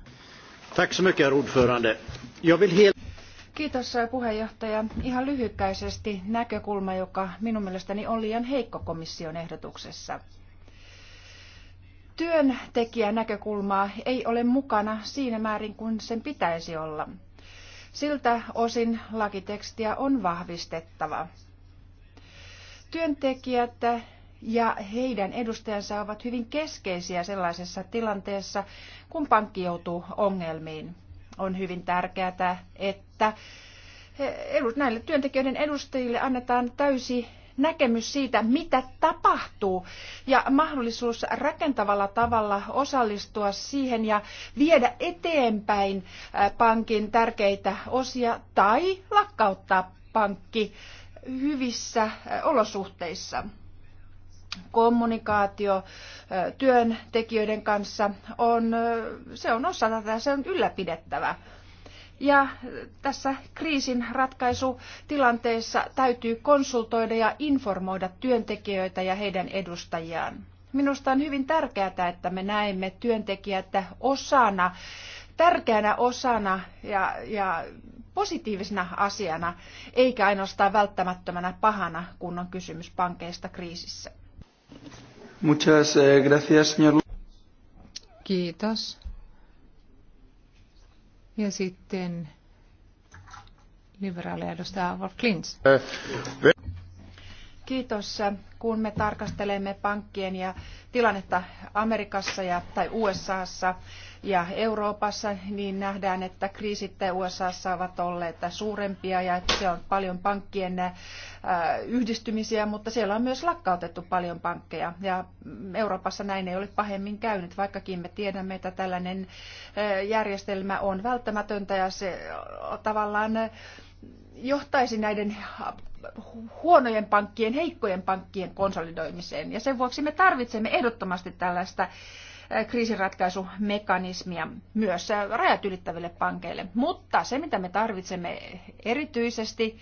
Kiitos puheenjohtaja. Ihan lyhykäisesti näkökulma, joka minun mielestäni on liian heikko komission ehdotuksessa. Työntekijän näkökulmaa ei ole mukana siinä määrin kuin sen pitäisi olla. Siltä osin lakitekstiä on vahvistettava. Työntekijät ja heidän edustajansa ovat hyvin keskeisiä sellaisessa tilanteessa, kun pankki joutuu ongelmiin. On hyvin tärkeää, että näille työntekijöiden edustajille annetaan täysi näkemys siitä, mitä tapahtuu ja mahdollisuus rakentavalla tavalla osallistua siihen ja viedä eteenpäin pankin tärkeitä osia tai lakkauttaa pankki hyvissä eh, olosuhteissa. Kommunikaatio eh, työntekijöiden kanssa on, eh, se on osa tätä, se on ylläpidettävä. Ja tässä kriisin ratkaisutilanteessa täytyy konsultoida ja informoida työntekijöitä ja heidän edustajiaan. Minusta on hyvin tärkeää, että me näemme työntekijät osana, tärkeänä osana ja, ja positiivisena asiana, eikä ainoastaan välttämättömänä pahana, kun on kysymys pankeista kriisissä. Muchas eh, gracias, señor. Kiitos. Ja sitten liberaali edustaja Wolf Klintz. Eh, Kiitos. Kun me tarkastelemme pankkien ja tilannetta Amerikassa ja, tai USAssa ja Euroopassa, niin nähdään, että kriisit USAssa ovat olleet suurempia ja että siellä on paljon pankkien yhdistymisiä, mutta siellä on myös lakkautettu paljon pankkeja. Ja mm, Euroopassa näin ei ole pahemmin käynyt, vaikkakin me tiedämme, että tällainen järjestelmä on välttämätöntä ja se tavallaan johtaisi näiden huonojen pankkien, heikkojen pankkien konsolidoimiseen. Ja sen vuoksi me tarvitsemme ehdottomasti tällaista äh, kriisinratkaisumekanismia myös äh, rajat ylittäville pankeille. Mutta se, mitä me tarvitsemme erityisesti,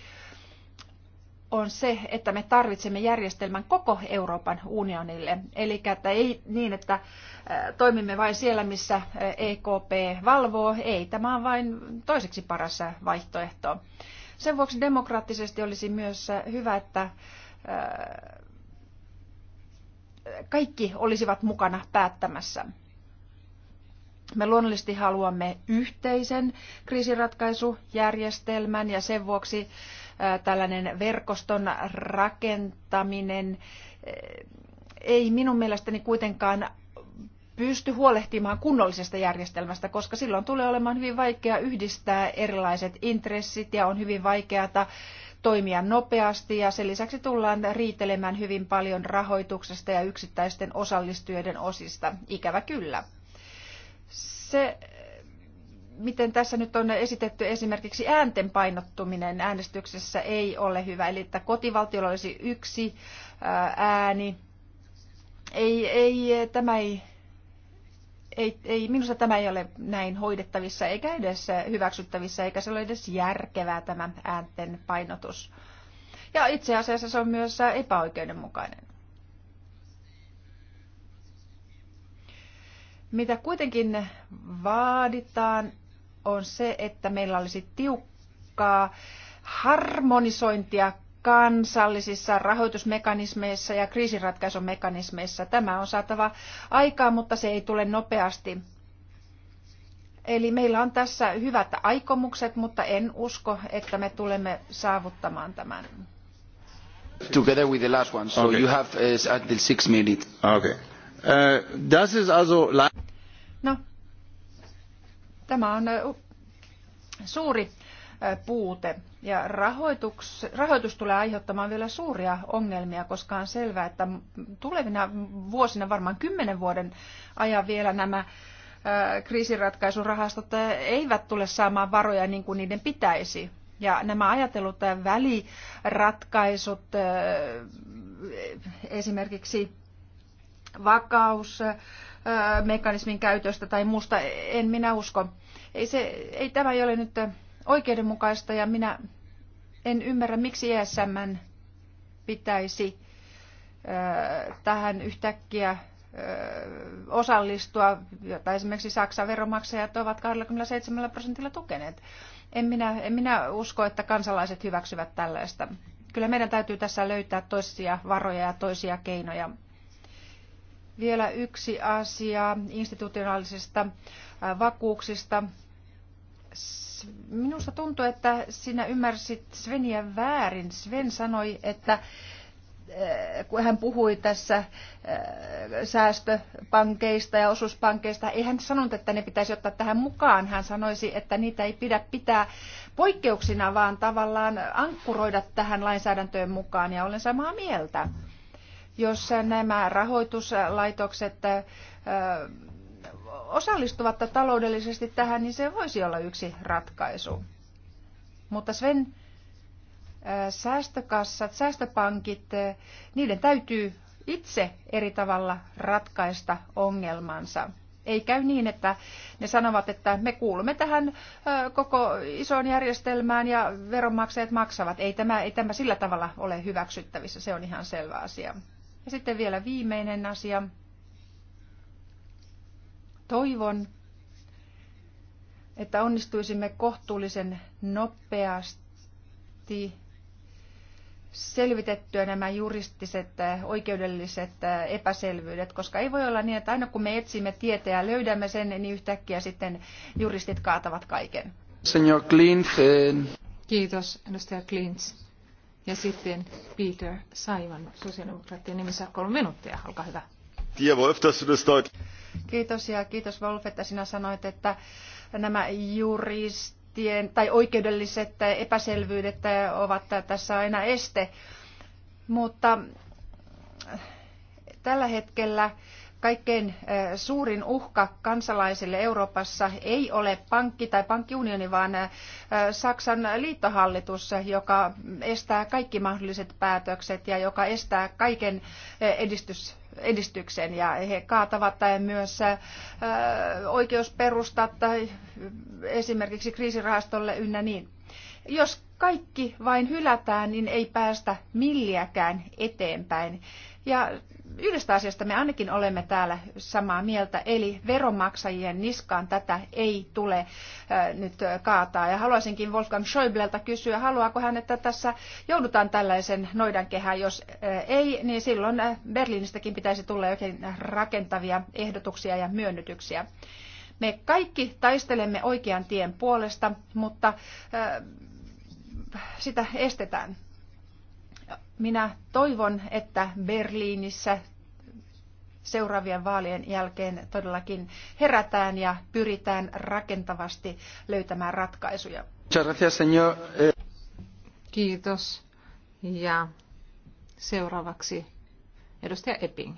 on se, että me tarvitsemme järjestelmän koko Euroopan unionille. Eli että ei niin, että äh, toimimme vain siellä, missä EKP valvoo. Ei, tämä on vain toiseksi paras vaihtoehto. Sen vuoksi demokraattisesti olisi myös äh, hyvä, että äh, kaikki olisivat mukana päättämässä. Me luonnollisesti haluamme yhteisen kriisiratkaisujärjestelmän ja sen vuoksi äh, tällainen verkoston rakentaminen ei minun mielestäni kuitenkaan pysty huolehtimaan kunnollisesta järjestelmästä, koska silloin tulee olemaan hyvin vaikea yhdistää erilaiset intressit ja on hyvin vaikeata toimia nopeasti ja sen lisäksi tullaan riitelemään hyvin paljon rahoituksesta ja yksittäisten osallistujien osista, ikävä kyllä. Se, miten tässä nyt on esitetty esimerkiksi äänten painottuminen äänestyksessä ei ole hyvä, eli että kotivaltiolla olisi yksi ääni. Ei, ei, tämä ei ei, ei, minusta tämä ei ole näin hoidettavissa eikä edes hyväksyttävissä, eikä se ole edes järkevää tämä äänten painotus. Ja itse asiassa se on myös epäoikeudenmukainen. Mitä kuitenkin vaaditaan on se, että meillä olisi tiukkaa harmonisointia kansallisissa rahoitusmekanismeissa ja kriisinratkaisumekanismeissa. Tämä on saatava aikaan, mutta se ei tule nopeasti. Eli meillä on tässä hyvät aikomukset, mutta en usko, että me tulemme saavuttamaan tämän. Together with the last one, so okay. you have uh, until six minutes. Okay. Uh, das ist also... No, tämä on uh, suuri uh, puute. Ja rahoitus, rahoitus tulee aiheuttamaan vielä suuria ongelmia, koska on selvää, että tulevina vuosina, varmaan kymmenen vuoden ajan vielä nämä kriisinratkaisurahastot eivät tule saamaan varoja niin kuin niiden pitäisi. Ja nämä ajatellut väliratkaisut, esimerkiksi vakausmekanismin käytöstä tai muusta, en minä usko. Ei, se, ei tämä ei ole nyt oikeudenmukaista ja minä en ymmärrä, miksi ESM pitäisi tähän yhtäkkiä osallistua, jota esimerkiksi Saksan veromaksajat ovat 27 prosentilla tukeneet. En minä, en minä usko, että kansalaiset hyväksyvät tällaista. Kyllä meidän täytyy tässä löytää toisia varoja ja toisia keinoja. Vielä yksi asia institutionaalisista vakuuksista Minusta tuntuu, että sinä ymmärsit Sveniä väärin. Sven sanoi, että eh, kun hän puhui tässä eh, säästöpankeista ja osuuspankeista, ei hän sanonut, että ne pitäisi ottaa tähän mukaan. Hän sanoisi, että niitä ei pidä pitää poikkeuksina, vaan tavallaan ankkuroida tähän lainsäädäntöön mukaan. Ja olen samaa mieltä. Jos nämä rahoituslaitokset eh, osallistuvat taloudellisesti tähän, niin se voisi olla yksi ratkaisu. Mutta Sven, äh, säästökassat, säästöpankit, äh, niiden täytyy itse eri tavalla ratkaista ongelmansa. Ei käy niin, että ne sanovat, että me kuulumme tähän äh, koko isoon järjestelmään ja veronmaksajat maksavat. Ei tämä, ei tämä sillä tavalla ole hyväksyttävissä, se on ihan selvä asia. Ja sitten vielä viimeinen asia. Toivon, että onnistuisimme kohtuullisen nopeasti selvitettyä nämä juristiset, äh, oikeudelliset äh, epäselvyydet, koska ei voi olla niin, että aina kun me etsimme tietä ja löydämme sen, niin yhtäkkiä sitten juristit kaatavat kaiken. Senior Clinton. Eh, Kiitos, edustaja Klintz. Ja sitten Peter Saivan, sosiaalidemokraattien nimissä kolme minuuttia, olkaa hyvä. Kiitos ja kiitos Wolf, että sinä sanoit, että nämä juristien tai oikeudelliset epäselvyydet ovat tässä aina este. Mutta eh, tällä hetkellä kaikkein eh, suurin uhka kansalaisille Euroopassa ei ole pankki tai pankkiunioni, vaan eh, Saksan liittohallitus, joka estää kaikki mahdolliset päätökset ja joka estää kaiken edistys edistyksen ja he kaatavat myös äh, oikeusperustat esimerkiksi kriisirahastolle ynnä niin. Jos kaikki vain hylätään, niin ei päästä milliäkään eteenpäin. Ja yhdestä asiasta me ainakin olemme täällä samaa mieltä, eli veronmaksajien niskaan tätä ei tule nyt kaataa. Ja haluaisinkin Wolfgang Schäubleltä kysyä, haluaako hän, että tässä joudutaan tällaisen noidankehään. Jos ei, niin silloin Berliinistäkin pitäisi tulla jokin rakentavia ehdotuksia ja myönnytyksiä. Me kaikki taistelemme oikean tien puolesta, mutta sitä estetään. Minä toivon, että Berliinissä seuraavien vaalien jälkeen todellakin herätään ja pyritään rakentavasti löytämään ratkaisuja. Kiitos. Ja seuraavaksi edustaja Epping.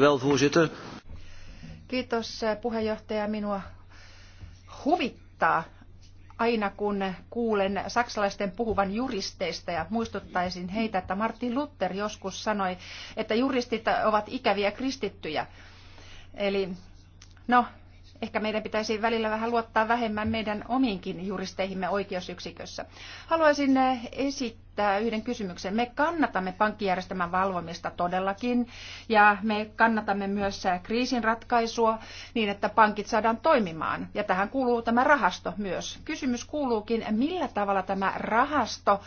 wel, voorzitter. Kiitos eh, puheenjohtaja. Minua huvittaa aina kun kuulen saksalaisten puhuvan juristeista ja muistuttaisin heitä, että Martin Luther joskus sanoi, että juristit ovat ikäviä kristittyjä. Eli no, ehkä meidän pitäisi välillä vähän luottaa vähemmän meidän omiinkin juristeihimme oikeusyksikössä. Haluaisin eh, esittää yhden kysymyksen. Me kannatamme pankkijärjestelmän valvomista todellakin ja me kannatamme myös eh, kriisin ratkaisua niin, että pankit saadaan toimimaan. Ja tähän kuuluu tämä rahasto myös. Kysymys kuuluukin, millä tavalla tämä rahasto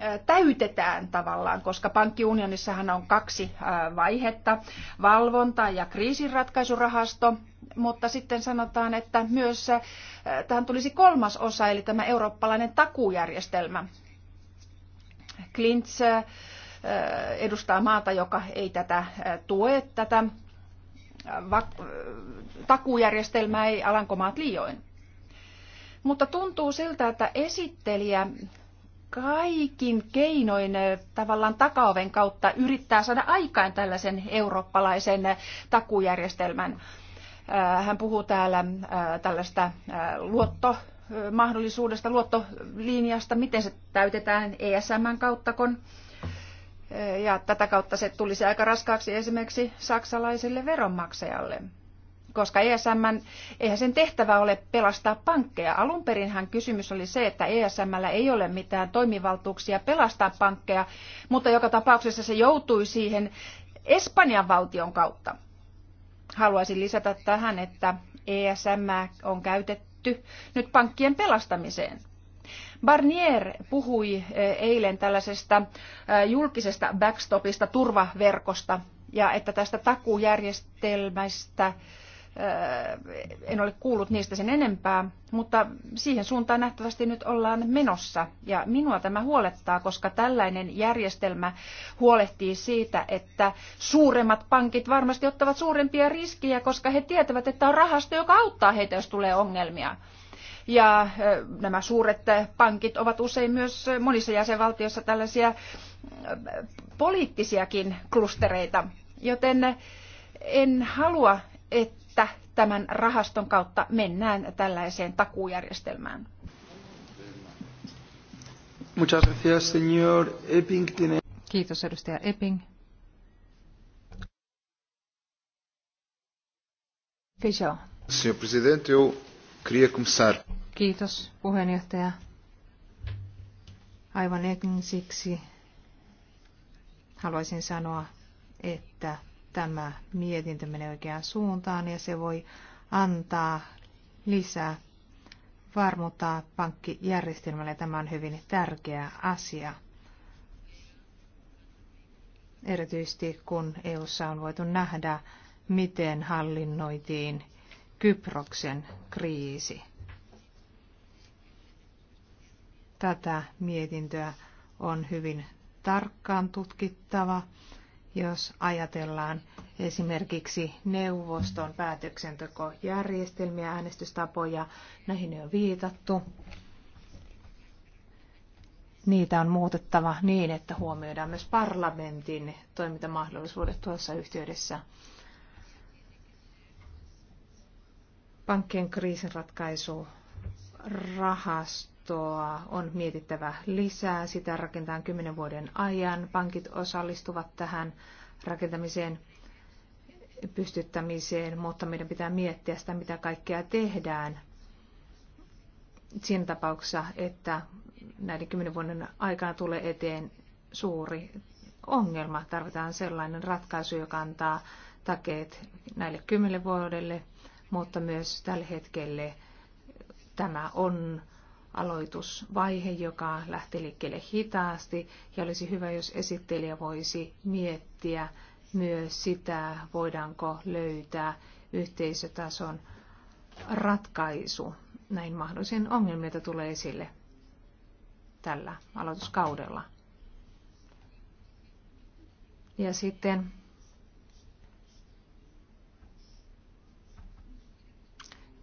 eh, täytetään tavallaan, koska pankkiunionissahan on kaksi vaihetta, valvonta ja kriisinratkaisurahasto mutta sitten sanotaan, että myös äh, tähän tulisi kolmas osa, eli tämä eurooppalainen takuujärjestelmä. Klints äh, edustaa maata, joka ei tätä äh, tue, tätä takuujärjestelmää ei Alankomaat liioin. Mutta tuntuu siltä, että esittelijä kaikin keinoin tavallaan takaoven kautta yrittää saada aikaan tällaisen eurooppalaisen takujärjestelmän. Äh, hän puhuu täällä äh, tällaista äh, luotto mahdollisuudesta, luottolinjasta, miten se täytetään ESMn kun Ja tätä kautta se tulisi aika raskaaksi esimerkiksi saksalaiselle veronmaksajalle. Koska ESM, eihän sen tehtävä ole pelastaa pankkeja. Alun perinhän kysymys oli se, että ESMllä ei ole mitään toimivaltuuksia pelastaa pankkeja, mutta joka tapauksessa se joutui siihen Espanjan valtion kautta. Haluaisin lisätä tähän, että ESM on käytetty nyt pankkien pelastamiseen. Barnier puhui eh, eilen tällaisesta eh, julkisesta backstopista, turvaverkosta, ja että tästä takuujärjestelmästä en ole kuullut niistä sen enempää, mutta siihen suuntaan nähtävästi nyt ollaan menossa. Ja minua tämä huolettaa, koska tällainen järjestelmä huolehtii siitä, että suuremmat pankit varmasti ottavat suurempia riskejä, koska he tietävät, että on rahasto, joka auttaa heitä, jos tulee ongelmia. Ja nämä suuret pankit ovat usein myös monissa jäsenvaltioissa tällaisia poliittisiakin klustereita, joten en halua, että että tämän rahaston kautta mennään tällaiseen takuujärjestelmään. Kiitos, edustaja Epping. Kiitos, puheenjohtaja. Aivan ensiksi haluaisin sanoa, että tämä mietintö menee oikeaan suuntaan ja se voi antaa lisää varmuutta pankkijärjestelmälle. Tämä on hyvin tärkeä asia, erityisesti kun EU:ssa on voitu nähdä, miten hallinnoitiin Kyproksen kriisi. Tätä mietintöä on hyvin tarkkaan tutkittava jos ajatellaan esimerkiksi neuvoston päätöksentekojärjestelmiä, äänestystapoja, näihin on viitattu. Niitä on muutettava niin, että huomioidaan myös parlamentin toimintamahdollisuudet tuossa yhteydessä. Pankkien kriisinratkaisu rahasto rahastoa on mietittävä lisää. Sitä rakentaan kymmenen vuoden ajan. Pankit osallistuvat tähän rakentamiseen pystyttämiseen, mutta meidän pitää miettiä sitä, mitä kaikkea tehdään siinä tapauksessa, että näiden kymmenen vuoden aikana tulee eteen suuri ongelma. Tarvitaan sellainen ratkaisu, joka antaa takeet näille kymmenelle vuodelle, mutta myös tällä hetkelle tämä on aloitusvaihe, joka lähti liikkeelle hitaasti. Ja olisi hyvä, jos esittelijä voisi miettiä myös sitä, voidaanko löytää yhteisötason ratkaisu näin mahdollisiin ongelmiin, joita tulee esille tällä aloituskaudella. Ja sitten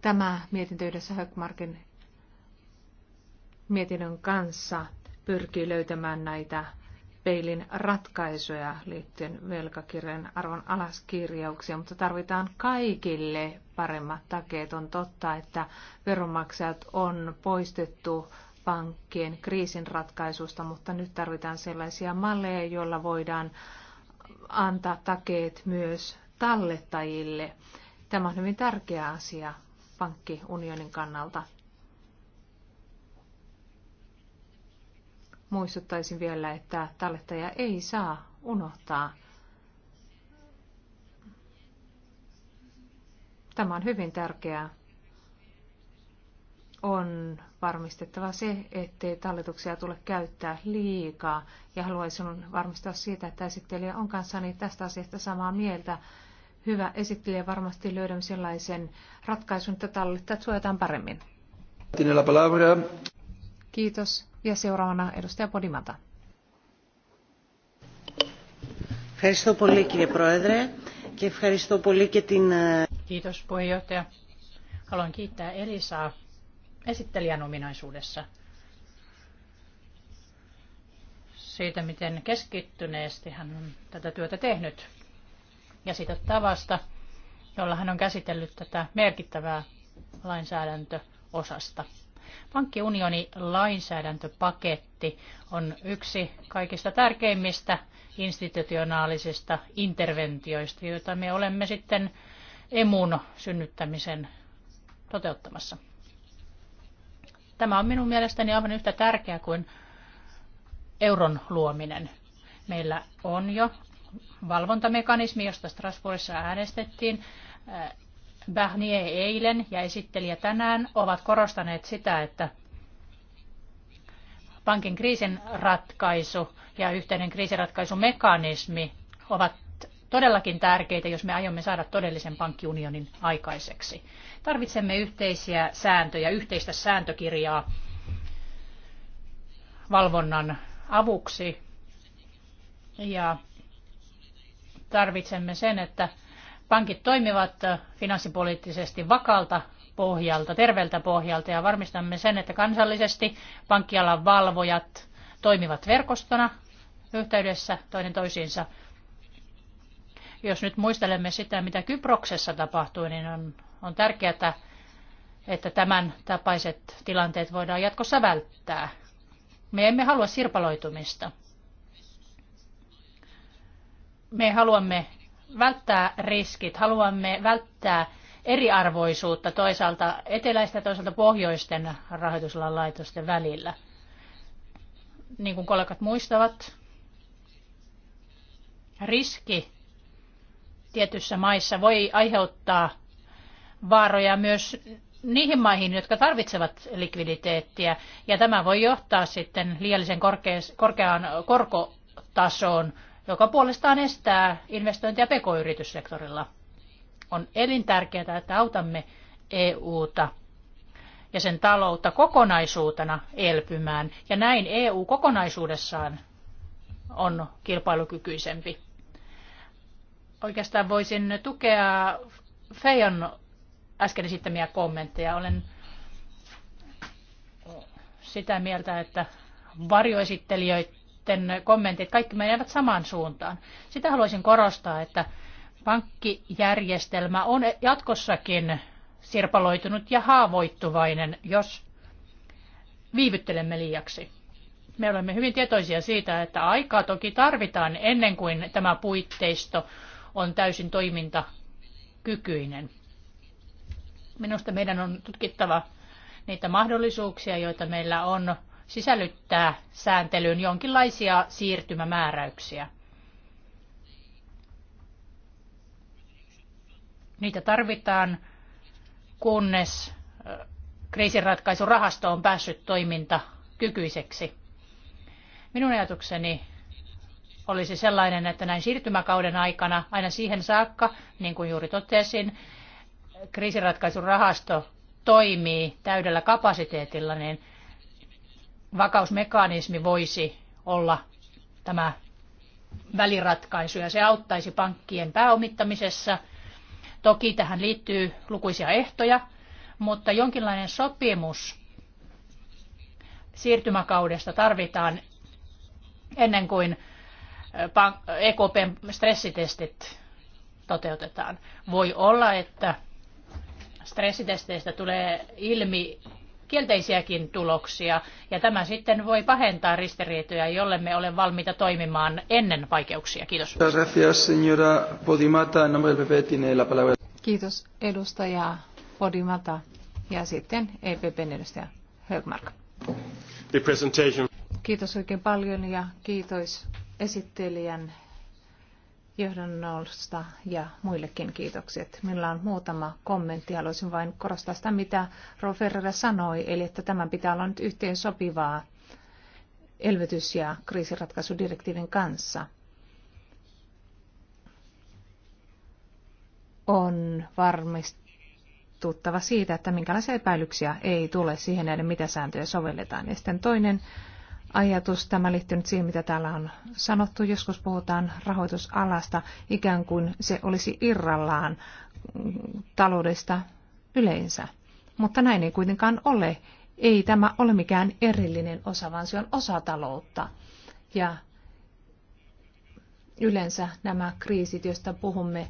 tämä mietintö yhdessä Höckmarkin mietinnön kanssa pyrkii löytämään näitä peilin ratkaisuja liittyen velkakirjan arvon alaskirjauksia, mutta tarvitaan kaikille paremmat takeet. On totta, että veronmaksajat on poistettu pankkien kriisin ratkaisusta, mutta nyt tarvitaan sellaisia malleja, joilla voidaan antaa takeet myös tallettajille. Tämä on hyvin tärkeä asia pankkiunionin kannalta. muistuttaisin vielä, että tallettaja ei saa unohtaa. Tämä on hyvin tärkeää. On varmistettava se, ettei talletuksia tule käyttää liikaa. Ja haluaisin varmistaa siitä, että esittelijä on kanssani tästä asiasta samaa mieltä. Hyvä esittelijä, varmasti löydämme sellaisen ratkaisun, että tallettajat suojataan paremmin. Kiitos. Ja seuraavana edustaja Podimata. Ευχαριστώ πολύ κύριε Πρόεδρε και ευχαριστώ πολύ και την... Kiitos puheenjohtaja. Haluan kiittää Elisaa esittelijän ominaisuudessa siitä, miten keskittyneesti hän on tätä työtä tehnyt ja siitä tavasta, jolla hän on käsitellyt tätä merkittävää lainsäädäntöosasta. Pankkiunioni lainsäädäntöpaketti on yksi kaikista tärkeimmistä institutionaalisista interventioista, joita me olemme sitten emun synnyttämisen toteuttamassa. Tämä on minun mielestäni aivan yhtä tärkeää kuin euron luominen. Meillä on jo valvontamekanismi, josta Strasbourgissa äänestettiin Barnier eilen ja esittelijä tänään ovat korostaneet sitä, että pankin kriisin ratkaisu ja yhteinen kriisiratkaisumekanismi ovat todellakin tärkeitä, jos me aiomme saada todellisen pankkiunionin aikaiseksi. Tarvitsemme yhteisiä sääntöjä, yhteistä sääntökirjaa valvonnan avuksi ja tarvitsemme sen, että pankit toimivat äh, finanssipoliittisesti vakalta pohjalta, terveeltä pohjalta ja varmistamme sen, että kansallisesti pankkialan valvojat toimivat verkostona yhteydessä toinen toisiinsa. Jos nyt muistelemme sitä, mitä Kyproksessa tapahtui, niin on, on tärkeää, että tämän tapaiset tilanteet voidaan jatkossa välttää. Me emme halua sirpaloitumista. Me haluamme välttää riskit, haluamme välttää eriarvoisuutta toisaalta eteläisten ja toisaalta pohjoisten rahoitusalan laitosten välillä. Niin kuin kollegat muistavat, riski tietyissä maissa voi aiheuttaa vaaroja myös niihin maihin, jotka tarvitsevat likviditeettiä, ja tämä voi johtaa sitten liiallisen korkeaan korkotasoon joka puolestaan estää investointia pk-yrityssektorilla. On elintärkeää, että autamme EUta ja sen taloutta kokonaisuutena elpymään, ja näin EU kokonaisuudessaan on kilpailukykyisempi. Oikeastaan voisin tukea Feijon äsken esittämiä kommentteja. Olen sitä mieltä, että varjoesittelijöitä sitten kommentit, kaikki menevät samaan suuntaan. Sitä haluaisin korostaa, että pankkijärjestelmä on jatkossakin sirpaloitunut ja haavoittuvainen, jos viivyttelemme liiaksi. Me olemme hyvin tietoisia siitä, että aikaa toki tarvitaan ennen kuin tämä puitteisto on täysin toimintakykyinen. Minusta meidän on tutkittava niitä mahdollisuuksia, joita meillä on sisällyttää sääntelyyn jonkinlaisia siirtymämääräyksiä. Niitä tarvitaan, kunnes kriisinratkaisurahasto on päässyt toiminta kykyiseksi. Minun ajatukseni olisi sellainen, että näin siirtymäkauden aikana aina siihen saakka, niin kuin juuri totesin, kriisinratkaisurahasto toimii täydellä kapasiteetilla, niin vakausmekanismi voisi olla tämä väliratkaisu ja se auttaisi pankkien pääomittamisessa. Toki tähän liittyy lukuisia ehtoja, mutta jonkinlainen sopimus siirtymäkaudesta tarvitaan ennen kuin EKPn eh, eh, e stressitestit toteutetaan. Voi olla, että stressitesteistä tulee ilmi kielteisiäkin tuloksia, ja tämä sitten voi pahentaa ristiriitoja, jolle me ole valmiita toimimaan ennen vaikeuksia. Kiitos. Kiitos edustaja Podimata ja sitten EPPn edustaja Högmark. Kiitos oikein paljon ja kiitos esittelijän johdonnosta ja muillekin kiitokset. Minulla on muutama kommentti. Haluaisin vain korostaa sitä, mitä Roferrera sanoi, eli että tämän pitää olla nyt yhteen sopivaa elvytys- ja kriisiratkaisudirektiivin kanssa. On varmistuttava siitä, että minkälaisia epäilyksiä ei tule siihen näiden, mitä sääntöjä sovelletaan. Ja sitten toinen ajatus. Tämä liittyy nyt siihen, mitä täällä on sanottu. Joskus puhutaan rahoitusalasta ikään kuin se olisi irrallaan taloudesta yleensä. Mutta näin ei kuitenkaan ole. Ei tämä ole mikään erillinen osa, vaan se on osa taloutta. Ja yleensä nämä kriisit, joista puhumme,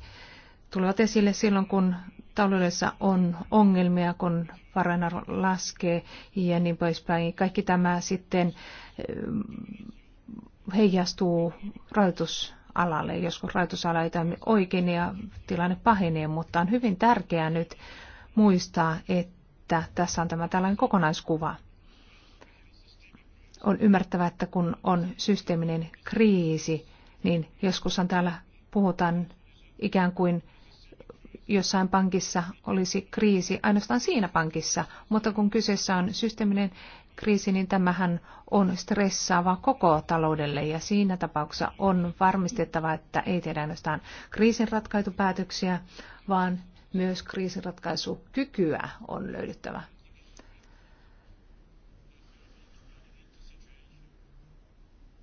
tulevat esille silloin, kun taloudessa on ongelmia, kun varainarvo laskee ja niin poispäin. Kaikki tämä sitten eh, heijastuu rajoitusalalle. Joskus rajoitusala ei toimi oikein ja tilanne pahenee, mutta on hyvin tärkeää nyt muistaa, että tässä on tämä tällainen kokonaiskuva. On ymmärtävä, että kun on systeeminen kriisi, niin joskushan täällä puhutaan ikään kuin jossain pankissa olisi kriisi, ainoastaan siinä pankissa, mutta kun kyseessä on systeeminen kriisi, niin tämähän on stressaava koko taloudelle ja siinä tapauksessa on varmistettava, että ei tehdä ainoastaan kriisinratkaisupäätöksiä, vaan myös kriisinratkaisukykyä on löydettävä.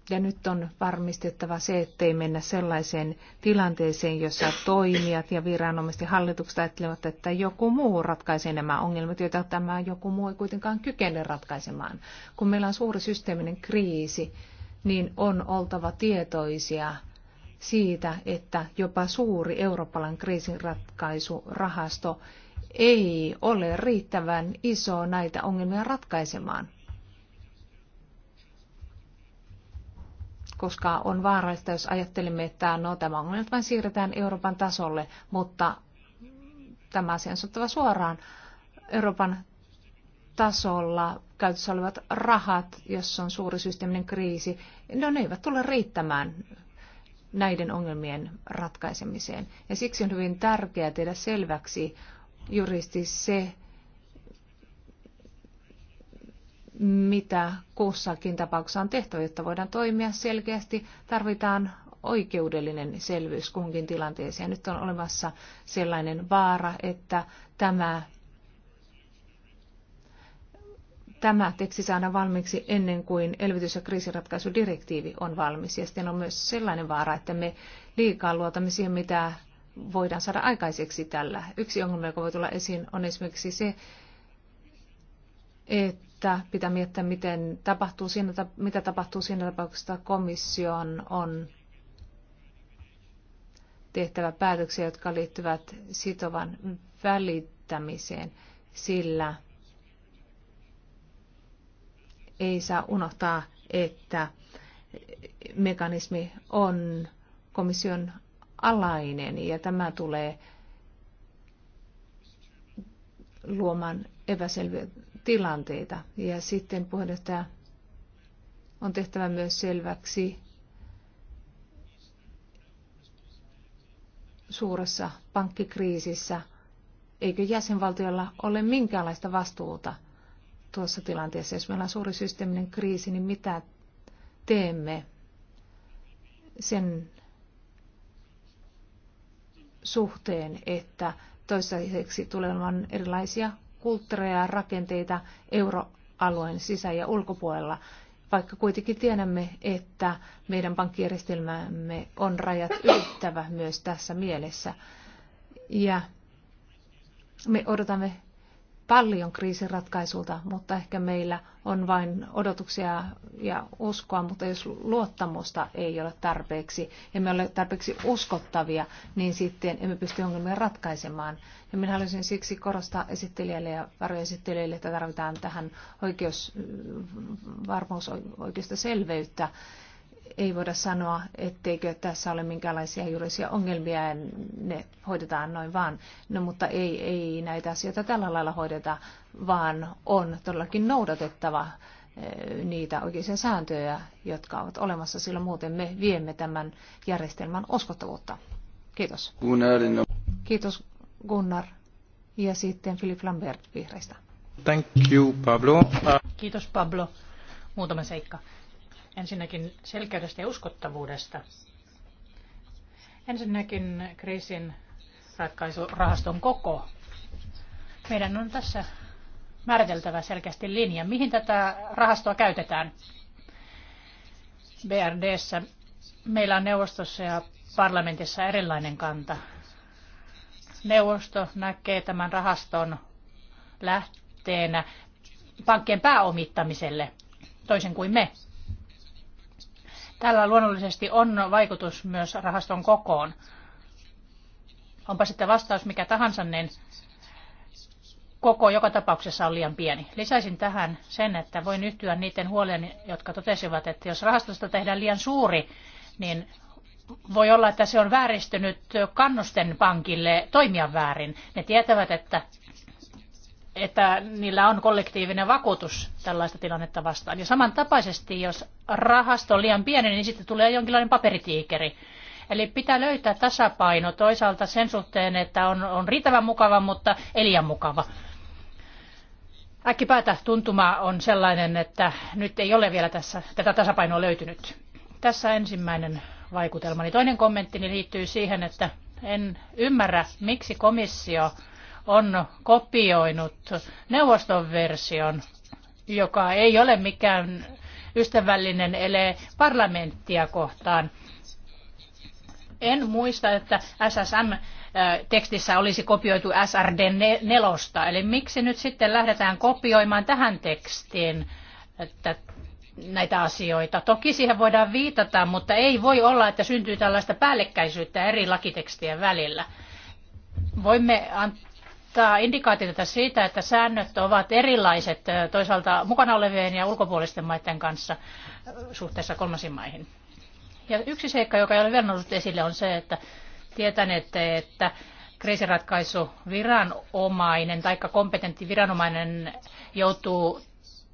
Ja nyt on varmistettava se, ettei mennä sellaiseen tilanteeseen, jossa toimijat ja viranomaiset ja hallitukset ajattelevat, että joku muu ratkaisee nämä ongelmat, joita tämä joku muu ei kuitenkaan kykene ratkaisemaan. Kun meillä on suuri systeeminen kriisi, niin on oltava tietoisia siitä, että jopa suuri Euroopan kriisinratkaisurahasto ei ole riittävän iso näitä ongelmia ratkaisemaan. koska on vaarallista, jos ajattelemme, että no, tämä ongelma vain siirretään Euroopan tasolle, mutta tämä asia on otettava suoraan Euroopan tasolla käytössä olevat rahat, jos on suuri systeeminen kriisi, no ne eivät tule riittämään näiden ongelmien ratkaisemiseen. Ja siksi on hyvin tärkeää tehdä selväksi juristi se, mitä kussakin tapauksessa on tehty, jotta voidaan toimia selkeästi. Tarvitaan oikeudellinen selvyys kunkin tilanteeseen. nyt on olemassa sellainen vaara, että tämä, tämä teksti saadaan valmiiksi ennen kuin elvytys- ja kriisiratkaisudirektiivi on valmis. Ja sitten on myös sellainen vaara, että me liikaa luotamme siihen, mitä voidaan saada aikaiseksi tällä. Yksi ongelma, joka voi tulla esiin, on esimerkiksi se, että että pitää miettiä, miten tapahtuu siinä, mitä tapahtuu siinä tapauksessa, että komission on tehtävä päätöksiä, jotka liittyvät sitovan välittämiseen, sillä ei saa unohtaa, että mekanismi on komission alainen ja tämä tulee luomaan epäselviä tilanteita. Ja sitten puheenjohtaja on tehtävä myös selväksi suuressa pankkikriisissä, eikö jäsenvaltiolla ole minkäänlaista vastuuta tuossa tilanteessa. Jos meillä on suuri systeeminen kriisi, niin mitä teemme sen suhteen, että toistaiseksi tulee olemaan erilaisia kulttuureja ja rakenteita euroalueen sisä- ja ulkopuolella, vaikka kuitenkin tiedämme, että meidän pankkijärjestelmämme on rajat ylittävä myös tässä mielessä. Ja me odotamme paljon kriisiratkaisulta, mutta ehkä meillä on vain odotuksia ja uskoa, mutta jos luottamusta ei ole tarpeeksi, emme ole tarpeeksi uskottavia, niin sitten emme pysty ongelmia ratkaisemaan. Ja minä haluaisin siksi korostaa esittelijälle ja varjoesittelijälle, että tarvitaan tähän oikeusvarmuus, oikeusta selveyttä ei voida sanoa, etteikö tässä ole minkäänlaisia juridisia ongelmia ja ne hoidetaan noin vaan. No mutta ei, ei näitä asioita tällä lailla hoideta, vaan on todellakin noudatettava eh, niitä oikeisia sääntöjä, jotka ovat olemassa, sillä muuten me viemme tämän järjestelmän uskottavuutta. Kiitos. Kiitos Gunnar. Ja sitten Philip Lambert vihreistä. Thank you, Pablo. Kiitos Pablo. Muutama seikka Ensinnäkin selkeydestä ja uskottavuudesta. Ensinnäkin kriisin ratkaisurahaston koko. Meidän on tässä määriteltävä selkeästi linja, mihin tätä rahastoa käytetään. BRDssä meillä on neuvostossa ja parlamentissa erilainen kanta. Neuvosto näkee tämän rahaston lähteenä pankkien pääomittamiselle, toisin kuin me. Tällä luonnollisesti on vaikutus myös rahaston kokoon. Onpa sitten vastaus mikä tahansa, niin koko joka tapauksessa on liian pieni. Lisäisin tähän sen, että voin yhtyä niiden huolen, jotka totesivat, että jos rahastosta tehdään liian suuri, niin voi olla, että se on vääristynyt kannusten pankille toimia väärin. Ne tietävät, että että niillä on kollektiivinen vakuutus tällaista tilannetta vastaan. Ja samantapaisesti, jos rahasto on liian pieni, niin sitten tulee jonkinlainen paperitiikeri. Eli pitää löytää tasapaino toisaalta sen suhteen, että on, on riittävän mukava, mutta ei liian mukava. Äkkipäätä tuntuma on sellainen, että nyt ei ole vielä tässä, tätä tasapainoa löytynyt. Tässä ensimmäinen vaikutelmani. Toinen kommenttini liittyy siihen, että en ymmärrä, miksi komissio on kopioinut neuvoston version, joka ei ole mikään ystävällinen ele parlamenttia kohtaan. En muista, että SSM-tekstissä äh, olisi kopioitu srd nelosta, eli miksi nyt sitten lähdetään kopioimaan tähän tekstiin että näitä asioita. Toki siihen voidaan viitata, mutta ei voi olla, että syntyy tällaista päällekkäisyyttä eri lakitekstien välillä. Voimme antaa indikaatiota siitä, että säännöt ovat erilaiset toisaalta mukana olevien ja ulkopuolisten maiden kanssa suhteessa kolmansiin maihin. Ja yksi seikka, joka ei ole vielä noussut esille, on se, että tietänette, että kriisiratkaisuviranomainen tai kompetentti viranomainen joutuu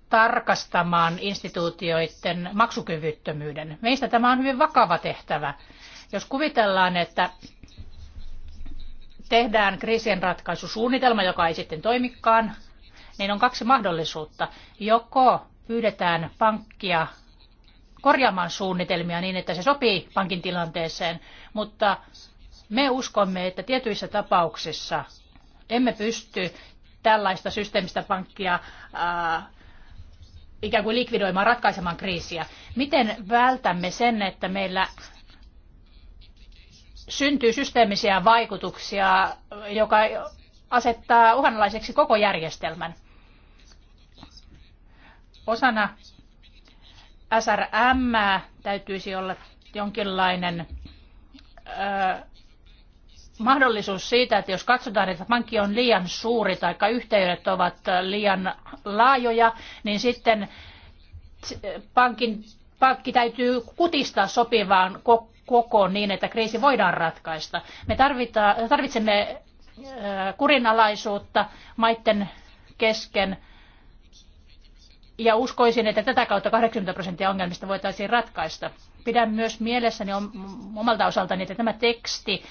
tarkastamaan instituutioiden maksukyvyttömyyden. Meistä tämä on hyvin vakava tehtävä. Jos kuvitellaan, että tehdään kriisien ratkaisusuunnitelma, joka ei sitten toimikaan, niin on kaksi mahdollisuutta. Joko pyydetään pankkia korjaamaan suunnitelmia niin, että se sopii pankin tilanteeseen, mutta me uskomme, että tietyissä tapauksissa emme pysty tällaista systeemistä pankkia ää, ikään kuin likvidoimaan, ratkaisemaan kriisiä. Miten vältämme sen, että meillä syntyy systeemisiä vaikutuksia, joka asettaa uhanalaiseksi koko järjestelmän. Osana SRM täytyisi olla jonkinlainen ö, mahdollisuus siitä, että jos katsotaan, että pankki on liian suuri tai yhteydet ovat liian laajoja, niin sitten pankin pankki täytyy kutistaa sopivaan kokoon niin, että kriisi voidaan ratkaista. Me tarvitsemme äh, kurinalaisuutta maiden kesken ja uskoisin, että tätä kautta 80 prosenttia ongelmista voitaisiin ratkaista. Pidän myös mielessäni omalta osaltani, että tämä teksti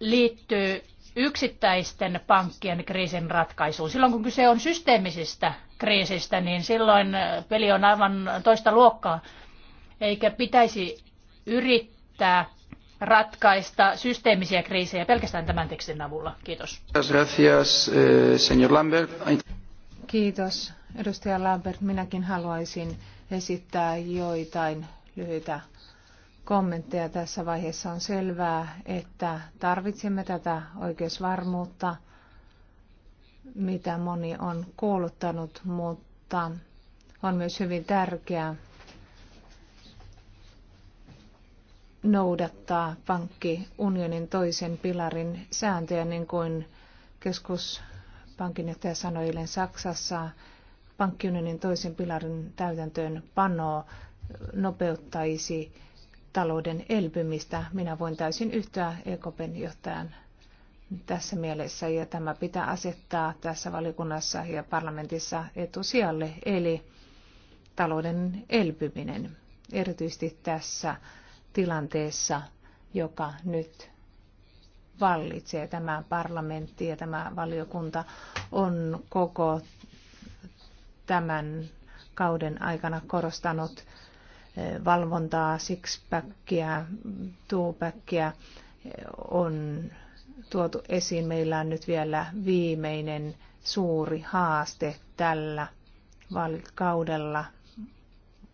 liittyy yksittäisten pankkien kriisin ratkaisuun. Silloin kun kyse on systeemisistä kriisistä, niin silloin äh, peli on aivan toista luokkaa. Eikä pitäisi yrittää ratkaista systeemisiä kriisejä pelkästään tämän tekstin avulla. Kiitos. Gracias, eh, señor Lambert. Kiitos, edustaja Lambert. Minäkin haluaisin esittää joitain lyhyitä kommentteja tässä vaiheessa. On selvää, että tarvitsemme tätä oikeusvarmuutta – mitä moni on kuuluttanut, mutta on myös hyvin tärkeää noudattaa pankkiunionin toisen pilarin sääntöjä, niin kuin keskuspankinjohtaja sanoi eilen Saksassa, pankkiunionin toisen pilarin täytäntöön panoa nopeuttaisi talouden elpymistä. Minä voin täysin yhtyä EKPn johtajan tässä mielessä ja tämä pitää asettaa tässä valikunnassa ja parlamentissa etusijalle, eli talouden elpyminen, erityisesti tässä tilanteessa, joka nyt vallitsee. Tämä parlamentti ja tämä valiokunta on koko tämän kauden aikana korostanut eh, valvontaa, sixpackia, tuupäkkiä eh, on tuotu esiin, meillä on nyt vielä viimeinen suuri haaste tällä kaudella.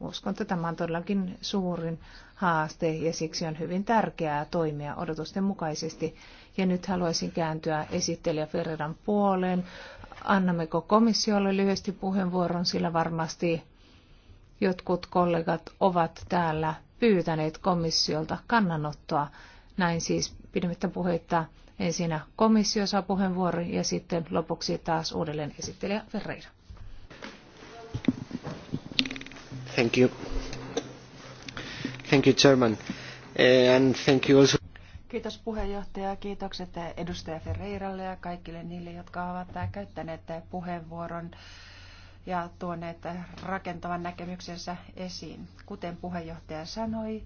Uskon, että tämä on todellakin suurin haaste ja siksi on hyvin tärkeää toimia odotusten mukaisesti. Ja nyt haluaisin kääntyä esittelijä Ferran puoleen. Annammeko komissiolle lyhyesti puheenvuoron, sillä varmasti jotkut kollegat ovat täällä pyytäneet komissiolta kannanottoa. Näin siis pidemmittä puheita Ensin komissio saa puheenvuoron ja sitten lopuksi taas uudelleen esittelijä Ferreira. Thank you. Thank you, Chairman. Eh, and thank you also. Kiitos puheenjohtaja, kiitokset edustaja Ferreiralle ja kaikille niille, jotka ovat käyttäneet puheenvuoron ja tuoneet rakentavan näkemyksensä esiin. Kuten puheenjohtaja sanoi,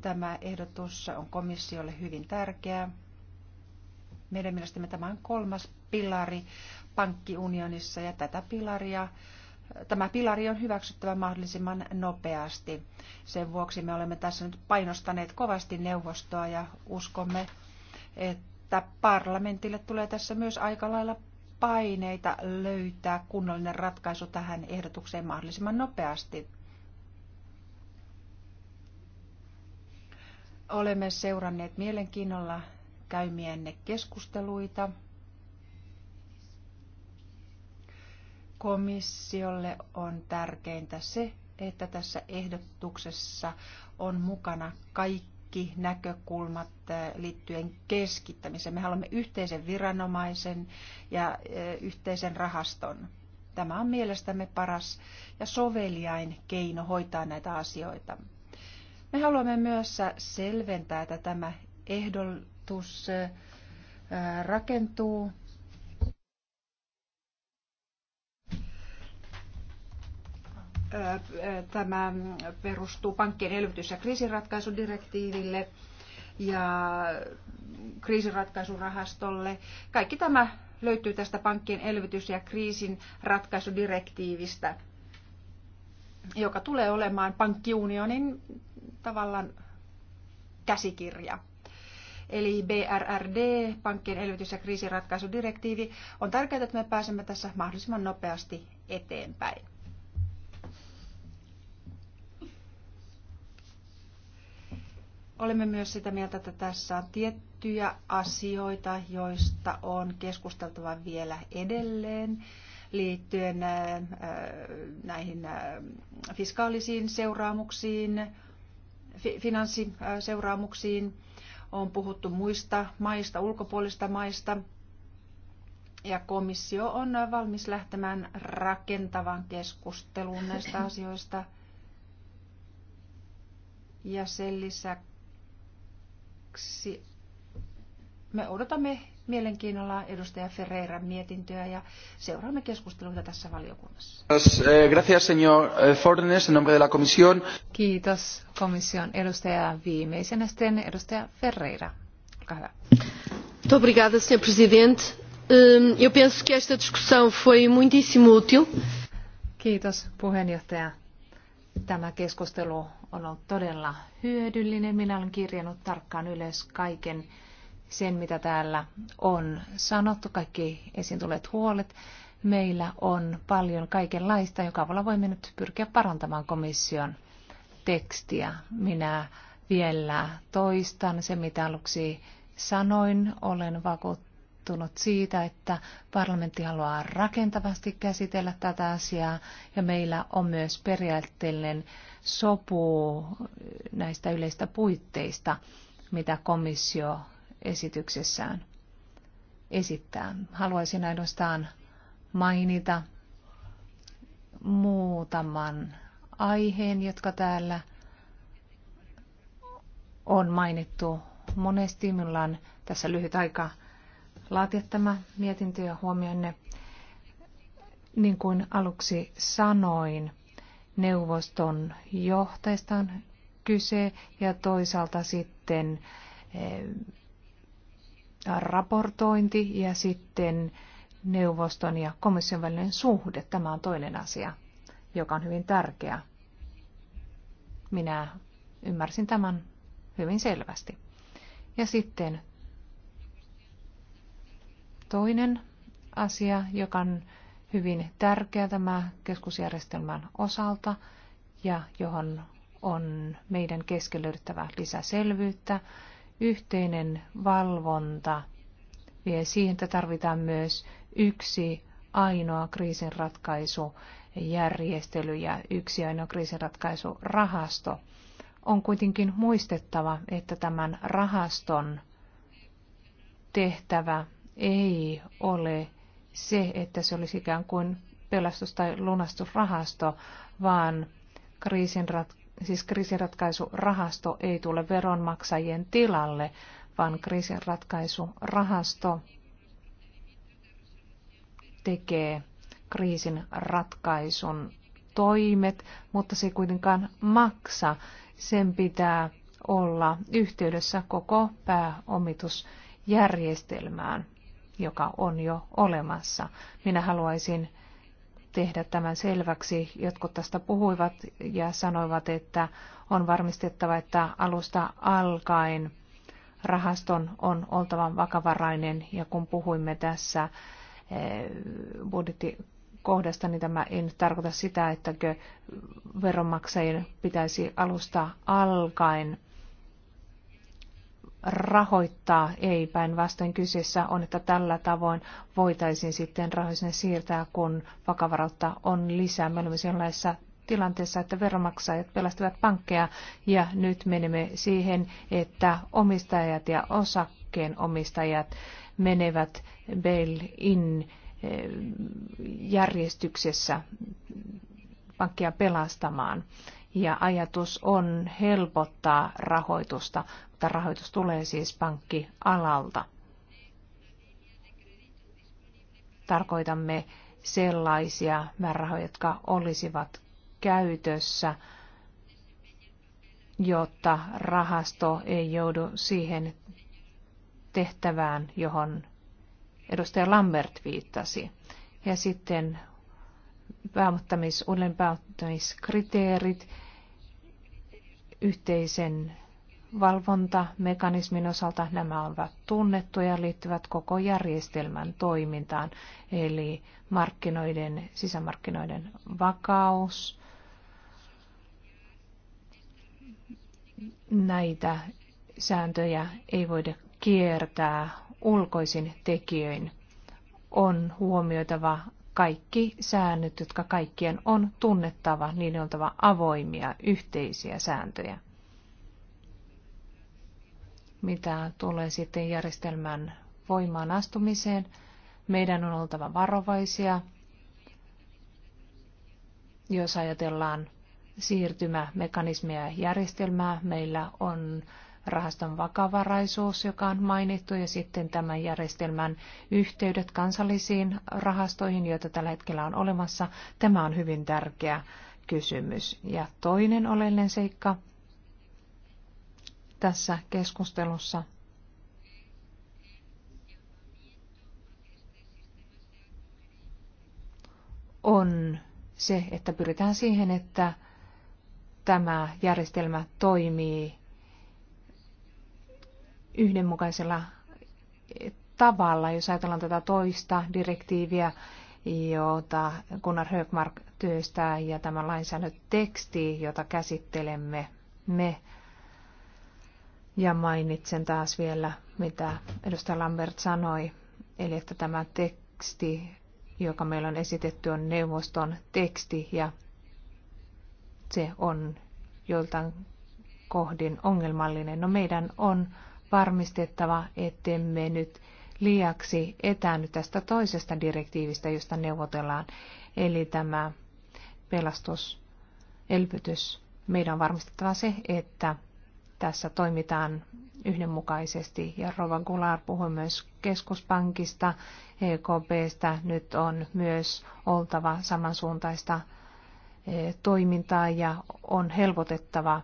tämä ehdotus on komissiolle hyvin tärkeä meidän mielestämme tämä on kolmas pilari pankkiunionissa ja tätä pilaria Tämä pilari on hyväksyttävä mahdollisimman nopeasti. Sen vuoksi me olemme tässä nyt painostaneet kovasti neuvostoa ja uskomme, että parlamentille tulee tässä myös aika lailla paineita löytää kunnollinen ratkaisu tähän ehdotukseen mahdollisimman nopeasti. Olemme seuranneet mielenkiinnolla käymienne keskusteluita komissiolle on tärkeintä se, että tässä ehdotuksessa on mukana kaikki näkökulmat eh, liittyen keskittämiseen. Me haluamme yhteisen viranomaisen ja eh, yhteisen rahaston. Tämä on mielestämme paras ja soveliain keino hoitaa näitä asioita. Me haluamme myös selventää, että tämä ehdotus rakentuu tämä perustuu pankkien elvytys- ja kriisiratkaisudirektiiville ja kriisiratkaisurahastolle. Kaikki tämä löytyy tästä pankkien elvytys- ja kriisinratkaisudirektiivistä, joka tulee olemaan pankkiunionin tavallaan käsikirja eli BRRD, pankkien elvytys- ja kriisiratkaisudirektiivi. On tärkeää, että me pääsemme tässä mahdollisimman nopeasti eteenpäin. Olemme myös sitä mieltä, että tässä on tiettyjä asioita, joista on keskusteltava vielä edelleen liittyen äh, äh, näihin äh, fiskaalisiin seuraamuksiin, finanssiseuraamuksiin on puhuttu muista maista, ulkopuolista maista. Ja komissio on valmis lähtemään rakentavaan keskusteluun näistä asioista. Ja sen lisäksi me odotamme mielenkiinnolla edustaja Ferreiran mietintöä ja seuraamme keskusteluita tässä valiokunnassa. Eh, gracias, señor eh, Fornes, en nombre de la comisión. Kiitos komission edustaja viimeisenä sitten edustaja Ferreira. Olkaa hyvä. Obrigada, senhor presidente. Eu penso que esta discussão foi muitíssimo útil. Kiitos puheenjohtaja. Tämä keskustelu on ollut todella hyödyllinen. Minä olen kirjannut tarkkaan ylös kaiken sen, mitä täällä on sanottu, kaikki esiin tulleet huolet. Meillä on paljon kaikenlaista, joka avulla voimme nyt pyrkiä parantamaan komission tekstiä. Minä vielä toistan se, mitä aluksi sanoin. Olen vakuuttunut siitä, että parlamentti haluaa rakentavasti käsitellä tätä asiaa ja meillä on myös periaatteellinen sopu näistä yleistä puitteista, mitä komissio esityksessään esittää. Haluaisin ainoastaan mainita muutaman aiheen, jotka täällä on mainittu monesti. Minulla on tässä lyhyt aika laatia tämä mietintö ja huomioinne. Niin kuin aluksi sanoin, neuvoston johtajista on kyse ja toisaalta sitten eh, raportointi ja sitten neuvoston ja komission välinen suhde. Tämä on toinen asia, joka on hyvin tärkeä. Minä ymmärsin tämän hyvin selvästi. Ja sitten toinen asia, joka on hyvin tärkeä tämä keskusjärjestelmän osalta ja johon on meidän kesken löydettävä lisäselvyyttä, yhteinen valvonta vie siihen, että tarvitaan myös yksi ainoa kriisinratkaisujärjestely ja yksi ainoa kriisinratkaisurahasto. On kuitenkin muistettava, että tämän rahaston tehtävä ei ole se, että se olisi ikään kuin pelastus- tai lunastusrahasto, vaan kriisinrat siis kriisinratkaisurahasto ei tule veronmaksajien tilalle, vaan kriisinratkaisurahasto tekee kriisin ratkaisun toimet, mutta se ei kuitenkaan maksa. Sen pitää olla yhteydessä koko pääomitusjärjestelmään, joka on jo olemassa. Minä haluaisin tehdä tämän selväksi. Jotkut tästä puhuivat ja sanoivat, että on varmistettava, että alusta alkaen rahaston on oltava vakavarainen. Ja kun puhuimme tässä eh, budjettikohdasta, niin tämä ei nyt tarkoita sitä, että veronmaksajien pitäisi alusta alkaen rahoittaa, ei päinvastoin kyseessä on, että tällä tavoin voitaisiin sitten rahoisin siirtää, kun vakavarautta on lisää. Me olemme sellaisessa tilanteessa, että veromaksajat pelastivat pankkeja ja nyt menemme siihen, että omistajat ja osakkeenomistajat menevät bail-in eh, järjestyksessä pankkia pelastamaan ja ajatus on helpottaa rahoitusta, mutta rahoitus tulee siis pankkialalta. Tarkoitamme sellaisia määrärahoja, jotka olisivat käytössä, jotta rahasto ei joudu siihen tehtävään, johon edustaja Lambert viittasi. Ja sitten pääomittamis, uudelleen pääomittamiskriteerit yhteisen valvontamekanismin osalta nämä ovat tunnettuja ja liittyvät koko järjestelmän toimintaan, eli markkinoiden, sisämarkkinoiden vakaus, näitä sääntöjä ei voida kiertää ulkoisin tekijöin. On huomioitava kaikki säännöt, jotka kaikkien on tunnettava, niin on oltava avoimia yhteisiä sääntöjä. Mitä tulee sitten järjestelmän voimaan astumiseen, meidän on oltava varovaisia. Jos ajatellaan siirtymämekanismia ja järjestelmää, meillä on rahaston vakavaraisuus, joka on mainittu, ja sitten tämän järjestelmän yhteydet kansallisiin rahastoihin, joita tällä hetkellä on olemassa. Tämä on hyvin tärkeä kysymys. Ja toinen oleellinen seikka tässä keskustelussa on se, että pyritään siihen, että tämä järjestelmä toimii yhdenmukaisella tavalla, jos ajatellaan tätä toista direktiiviä, jota Gunnar Högmark työstää ja tämä lainsäädäntöteksti, jota käsittelemme me. Ja mainitsen taas vielä, mitä edustaja Lambert sanoi, eli että tämä teksti, joka meillä on esitetty, on neuvoston teksti ja se on joltain kohdin ongelmallinen. No meidän on varmistettava, ettemme nyt liiaksi etäänny tästä toisesta direktiivistä, josta neuvotellaan, eli tämä pelastus, Meidän on varmistettava se, että tässä toimitaan yhdenmukaisesti. Ja Rova Gular puhui myös keskuspankista, EKPstä. Nyt on myös oltava samansuuntaista eh, toimintaa ja on helpotettava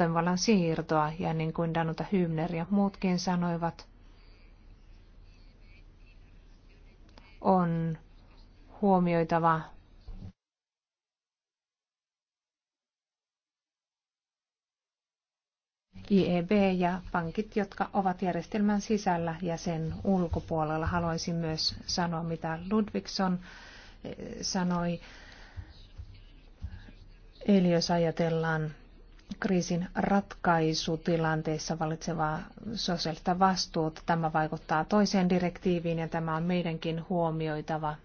toimivallan siirtoa ja niin kuin Danuta Hymner ja muutkin sanoivat, on huomioitava IEB ja pankit, jotka ovat järjestelmän sisällä ja sen ulkopuolella. Haluaisin myös sanoa, mitä Ludvigson eh, sanoi. Eli jos ajatellaan kriisin ratkaisutilanteissa valitsevaa sosiaalista vastuuta. Tämä vaikuttaa toiseen direktiiviin ja tämä on meidänkin huomioitava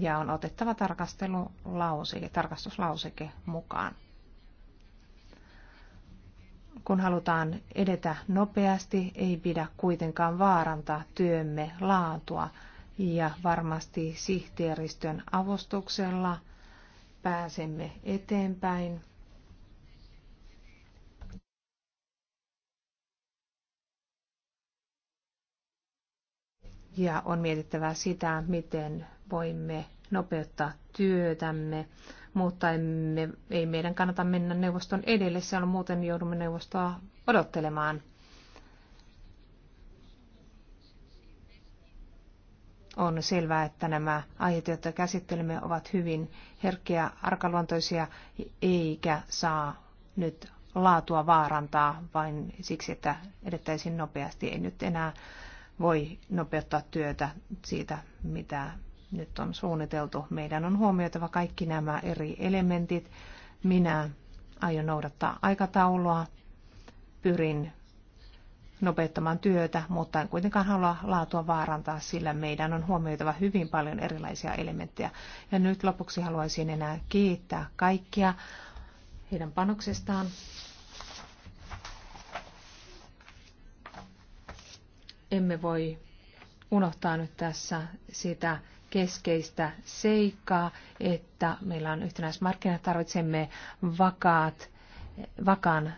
ja on otettava tarkastelulauseke, tarkastuslauseke mukaan. Kun halutaan edetä nopeasti, ei pidä kuitenkaan vaarantaa työmme laatua ja varmasti sihteeristön avustuksella pääsemme eteenpäin ja on mietittävä sitä, miten voimme nopeuttaa työtämme, mutta emme, ei meidän kannata mennä neuvoston edelle, siellä muuten joudumme neuvostoa odottelemaan. On selvää, että nämä aiheet, joita käsittelemme, ovat hyvin herkkiä, arkaluontoisia, eikä saa nyt laatua vaarantaa vain siksi, että edettäisiin nopeasti. Ei nyt enää voi nopeuttaa työtä siitä, mitä nyt on suunniteltu. Meidän on huomioitava kaikki nämä eri elementit. Minä aion noudattaa aikataulua, pyrin nopeuttamaan työtä, mutta en kuitenkaan halua laatua vaarantaa, sillä meidän on huomioitava hyvin paljon erilaisia elementtejä. Ja nyt lopuksi haluaisin enää kiittää kaikkia heidän panoksestaan emme voi unohtaa nyt tässä sitä keskeistä seikkaa, että meillä on yhtenäismarkkinat, tarvitsemme vakaat, vakaan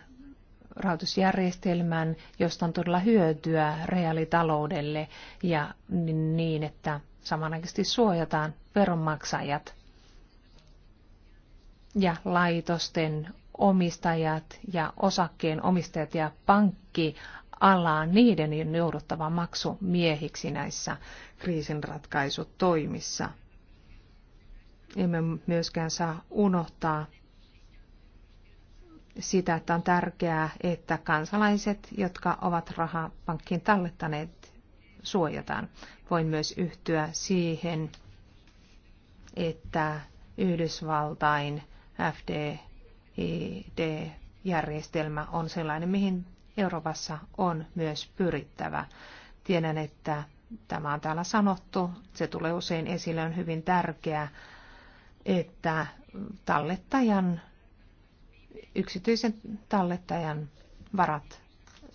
rahoitusjärjestelmän, josta on todella hyötyä reaalitaloudelle ja niin, että samanaikaisesti suojataan veronmaksajat ja laitosten omistajat ja osakkeen omistajat ja pankki allaan niiden jouduttava maksu miehiksi näissä kriisinratkaisutoimissa. Emme myöskään saa unohtaa sitä, että on tärkeää, että kansalaiset, jotka ovat rahapankkiin tallettaneet, suojataan. Voin myös yhtyä siihen, että Yhdysvaltain fdd järjestelmä on sellainen, mihin Euroopassa on myös pyrittävä. Tiedän, että tämä on täällä sanottu, se tulee usein esille, on hyvin tärkeää, että tallettajan, yksityisen tallettajan varat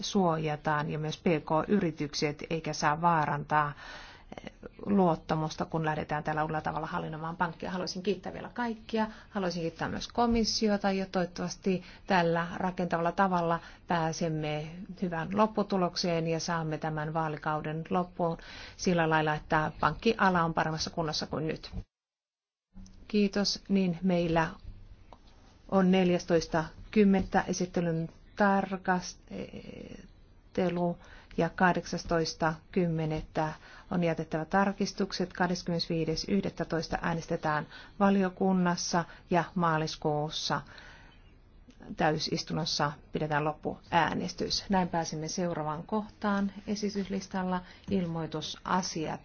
suojataan ja myös PK-yritykset eikä saa vaarantaa luottamusta, kun lähdetään tällä uudella tavalla hallinnomaan pankkia. Haluaisin kiittää vielä kaikkia. Haluaisin kiittää myös komissiota ja toivottavasti tällä rakentavalla tavalla pääsemme hyvään lopputulokseen ja saamme tämän vaalikauden loppuun sillä lailla, että pankkiala on paremmassa kunnossa kuin nyt. Kiitos. Niin meillä on 14.10. esittelyn tarkastelu ja 18.10. on jätettävä tarkistukset. 25.11. äänestetään valiokunnassa ja maaliskuussa täysistunnossa pidetään loppuäänestys. Näin pääsemme seuraavaan kohtaan esityslistalla ilmoitusasiat.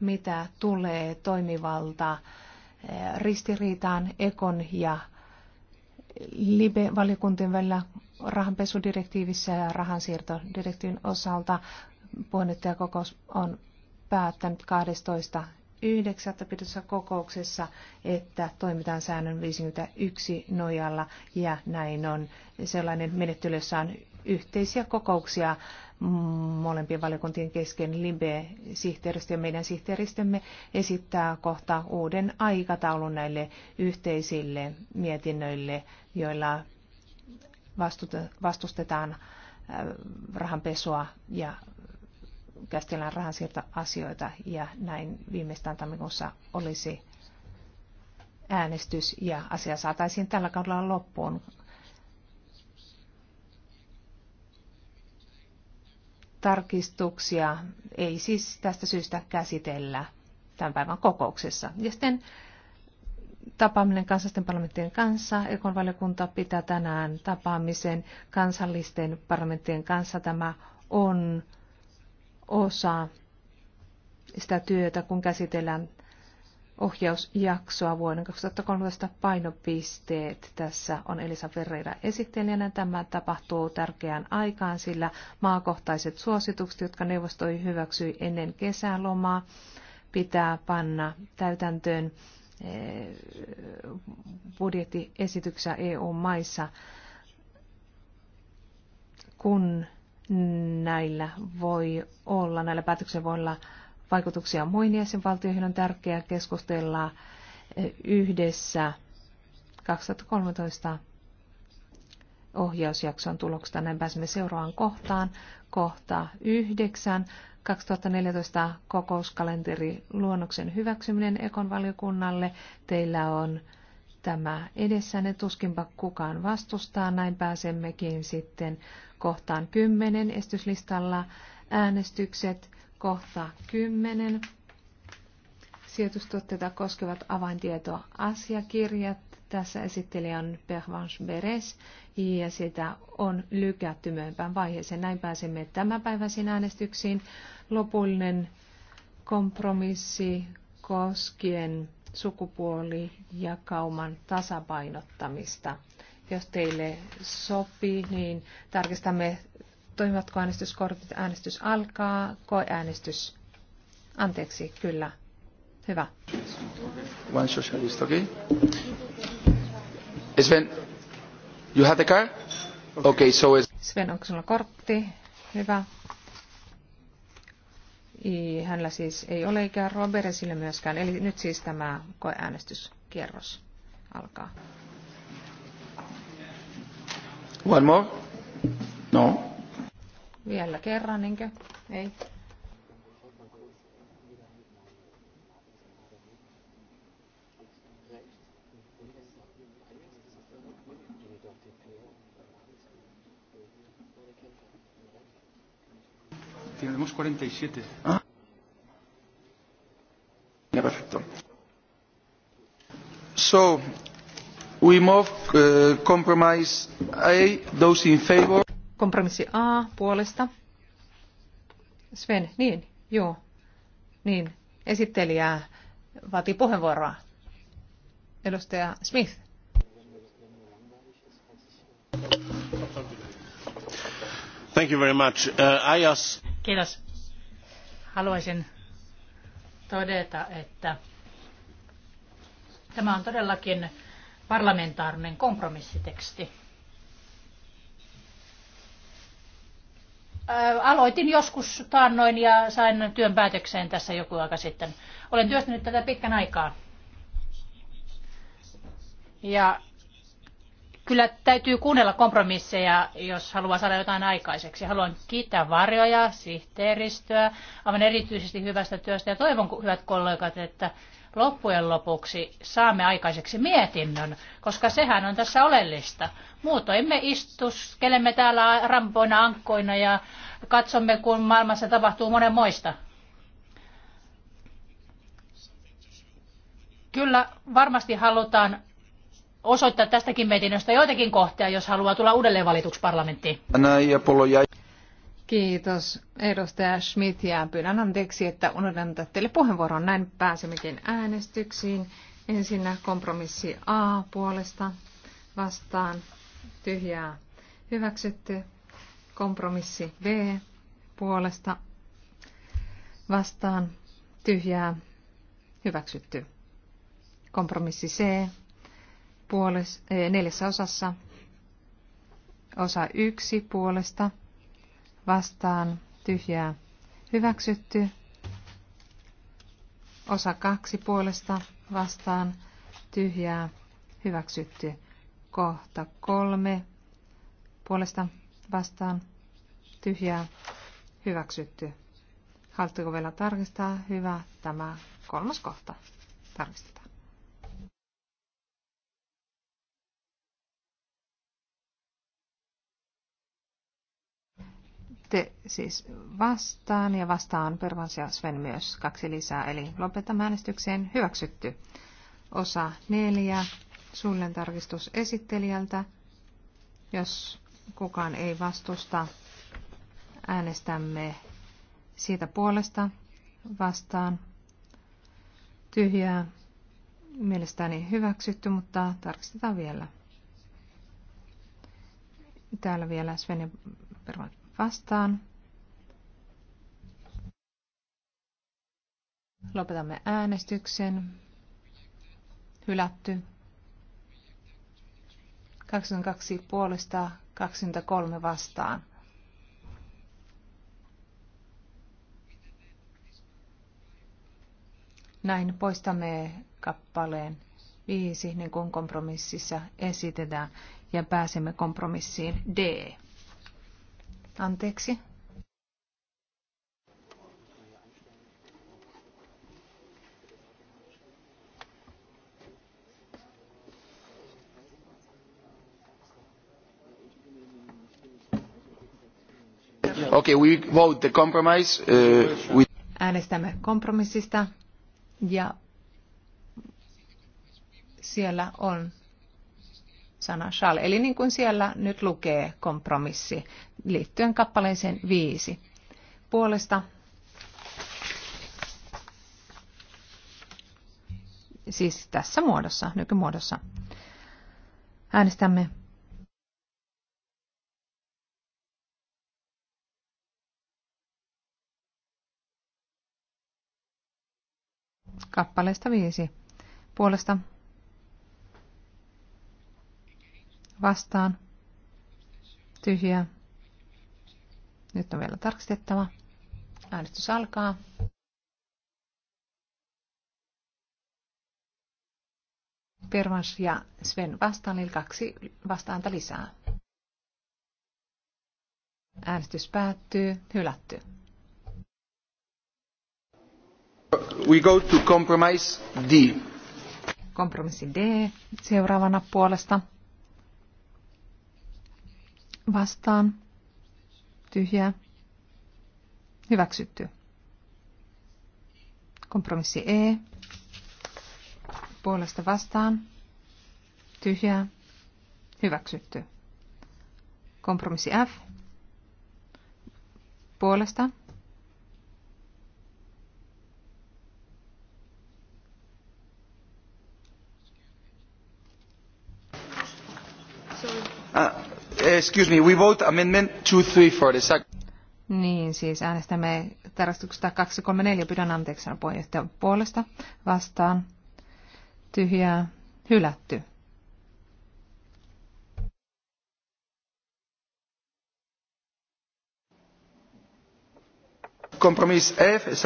Mitä tulee toimivalta eh, ristiriitaan Ekon ja Libe-valiokuntien välillä rahanpesudirektiivissä ja rahansiirtodirektiivin osalta puheenjohtajakokous on päättänyt 12.9. pidetyssä kokouksessa, että toimitaan säännön 51 nojalla ja näin on sellainen menettely, jossa on yhteisiä kokouksia molempien valiokuntien kesken. Limbe-sihteeristö ja meidän sihteeristömme esittää kohta uuden aikataulun näille yhteisille mietinnöille, joilla vastustetaan äh, rahanpesua ja käsitellään rahansiirtoasioita ja näin viimeistään tammikuussa olisi äänestys ja asia saataisiin tällä kaudella loppuun tarkistuksia ei siis tästä syystä käsitellä tämän päivän kokouksessa. Ja sitten tapaaminen kansallisten parlamenttien kanssa. Ekon valiokunta pitää tänään tapaamisen kansallisten parlamenttien kanssa. Tämä on osa sitä työtä, kun käsitellään ohjausjaksoa vuoden 2013 painopisteet. Tässä on Elisa Ferreira esittelijänä. Tämä tapahtuu tärkeään aikaan, sillä maakohtaiset suositukset, jotka neuvosto hyväksyi ennen kesälomaa, pitää panna täytäntöön eh, budjettiesityksessä EU-maissa, kun näillä voi olla, näillä päätöksillä voi olla vaikutuksia muihin jäsenvaltioihin, on tärkeää keskustella eh, yhdessä 2013 ohjausjakson tuloksesta. Näin pääsemme seuraavaan kohtaan, kohta 9. 2014 kokouskalenteri luonnoksen hyväksyminen Ekon valiokunnalle. Teillä on tämä edessä ne tuskinpa kukaan vastustaa. Näin pääsemmekin sitten kohtaan 10 estyslistalla äänestykset kohta 10. Sijoitustuotteita koskevat avaintietoasiakirjat. Tässä esittelijä on Pervance Beres ja sitä on lykätty myöhempään vaiheeseen. Näin pääsemme päiväisiin äänestyksiin. Lopullinen kompromissi koskien sukupuoli ja kauman tasapainottamista. Jos teille sopii, niin tarkistamme Toimivatko äänestyskortit? Äänestys alkaa. Koeäänestys. Anteeksi, kyllä. Hyvä. One socialist, okay. Sven, you have the car? Okay, so is... Sven, onko sulla kortti? Hyvä. I, hänellä siis ei ole ikään Robertsille myöskään. Eli nyt siis tämä koeäänestyskierros alkaa. One more? No. Vielä kerran, niinkö? Ei. Tenemos 47. Ah. Ya, perfecto. So, we move uh, compromise A, those in favor Kompromissi A puolesta. Sven, niin, joo. Niin, esittelijää vaatii puheenvuoroa. Edustaja Smith. Thank you very much. Uh, I ask... Kiitos. Haluaisin todeta, että tämä on todellakin parlamentaarinen kompromissiteksti. aloitin joskus taannoin ja sain työn päätökseen tässä joku aika sitten. Olen työstänyt tätä pitkän aikaa. Ja kyllä täytyy kuunnella kompromisseja, jos haluaa saada jotain aikaiseksi. Haluan kiittää varjoja, sihteeristöä, aivan erityisesti hyvästä työstä ja toivon, hyvät kollegat, että loppujen lopuksi saamme aikaiseksi mietinnön, koska sehän on tässä oleellista. Muutoin me istuskelemme täällä rampoina, ankkoina ja katsomme, kun maailmassa tapahtuu monenmoista. Kyllä varmasti halutaan osoittaa tästäkin mietinnöstä joitakin kohtia, jos haluaa tulla uudelleen valituksi parlamenttiin. Kiitos edustaja Schmidt ja pyydän anteeksi, että unohdan teille puheenvuoron. Näin pääsemmekin äänestyksiin. Ensinnä kompromissi A puolesta vastaan tyhjää hyväksytty. Kompromissi B puolesta vastaan tyhjää hyväksytty. Kompromissi C puolesta, eh, neljässä osassa. Osa yksi puolesta vastaan tyhjää hyväksytty. Osa kaksi puolesta vastaan tyhjää hyväksytty. Kohta kolme puolesta vastaan tyhjää hyväksytty. Haluatteko vielä tarkistaa? Hyvä, tämä kolmas kohta. Tarkista. Te siis vastaan ja vastaan Pervans ja Sven myös kaksi lisää, eli lopetamme äänestykseen hyväksytty. Osa neljä, sullen tarkistus esittelijältä. Jos kukaan ei vastusta, äänestämme siitä puolesta vastaan. Tyhjää mielestäni hyväksytty, mutta tarkistetaan vielä. Täällä vielä Sven ja Pervans vastaan. Lopetamme äänestyksen. Hylätty. 22 puolesta 23 vastaan. Näin poistamme kappaleen viisi, niin kuin kompromississa esitetään, ja pääsemme kompromissiin D. Anteeksi. Okay, we vote the compromise. Uh, with... Äänestämme kompromissista ja siellä on sana shall, eli niin kuin siellä nyt lukee kompromissi liittyen kappaleeseen viisi. Puolesta siis tässä muodossa, nykymuodossa. Äänestämme kappaleesta viisi puolesta vastaan, tyhjää. Nyt on vielä tarkistettava. Äänestys alkaa. Pervans ja Sven vastaan, eli kaksi vastaanta lisää. Äänestys päättyy. Hylätty. We go to compromise D. Kompromissi D seuraavana puolesta vastaan tyhjää hyväksytty. Kompromissi E puolesta vastaan tyhjää hyväksytty. Kompromissi F puolesta excuse me, we vote amendment 234 for Niin, siis äänestämme tarkastuksesta 234, pyydän anteeksi puheenjohtajan puolesta, vastaan, tyhjää, hylätty. Kompromissi F.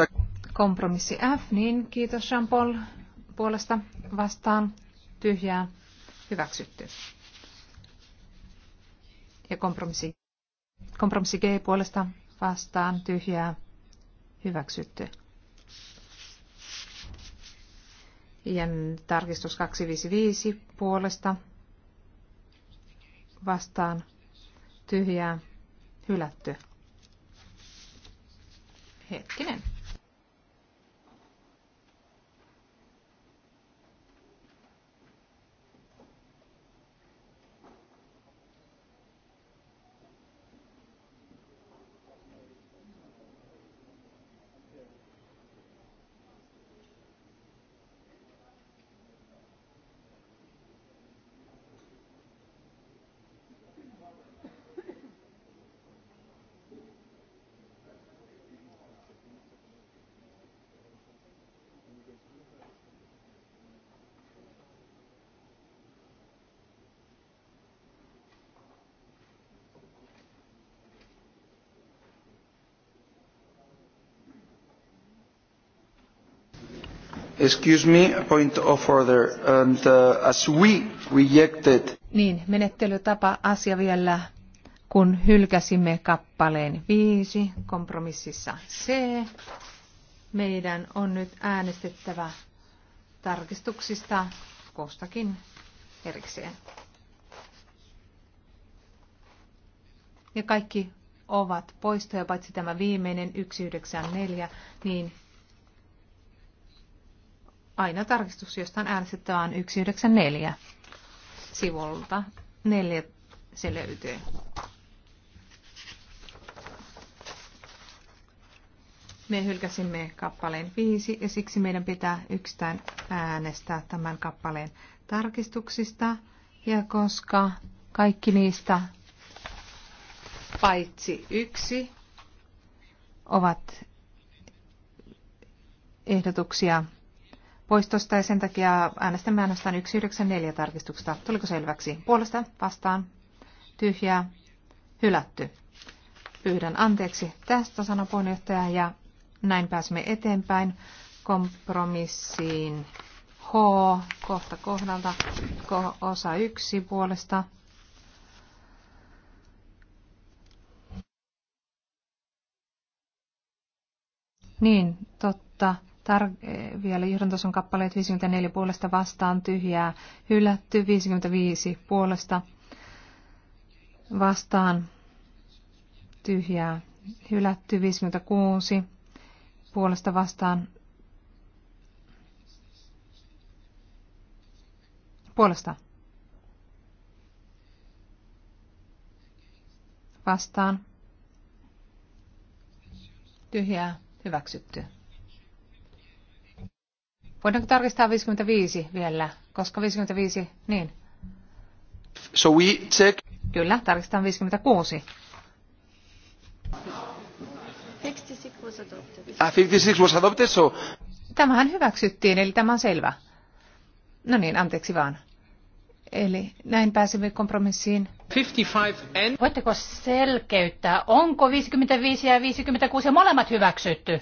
Kompromissi F, niin kiitos Jean-Paul puolesta vastaan, tyhjää, hyväksytty ja kompromissi, kompromissi G puolesta vastaan tyhjää hyväksytty. Ja tarkistus 255 puolesta vastaan tyhjää hylätty. Hetkinen. Excuse me, point of order. And uh, as we rejected... Niin, menettelytapa asia vielä, kun hylkäsimme kappaleen viisi kompromississa C. Meidän on nyt äänestettävä tarkistuksista kostakin erikseen. Ja kaikki ovat poistoja, paitsi tämä viimeinen 194, niin aina tarkistus, josta on äänestettävään 194 sivulta. Neljä se löytyy. Me hylkäsimme kappaleen 5 ja siksi meidän pitää yksittäin äänestää tämän kappaleen tarkistuksista. Ja koska kaikki niistä paitsi yksi ovat ehdotuksia poistosta ja sen takia äänestämme ainoastaan 194 tarkistuksesta. Tuliko selväksi? Puolesta, vastaan, tyhjää, hylätty. Pyydän anteeksi tästä sanapuheenjohtaja ja näin pääsemme eteenpäin kompromissiin H kohta kohdalta osa 1 puolesta. Niin, totta. Tar- vielä johdantason kappaleet 54 puolesta vastaan tyhjää, hylätty 55 puolesta vastaan tyhjää, hylätty 56 puolesta vastaan puolesta vastaan tyhjää hyväksytty. Voidaanko tarkistaa 55 vielä? Koska 55, niin. So we check. Kyllä, tarkistetaan 56. 56 was adopted. Ah, 56 was adopted, so... Tämähän hyväksyttiin, eli tämä on selvä. No niin, anteeksi vaan. Eli näin pääsimme kompromissiin 55 Voitteko selkeyttää, onko 55 ja 56 ja molemmat hyväksytty?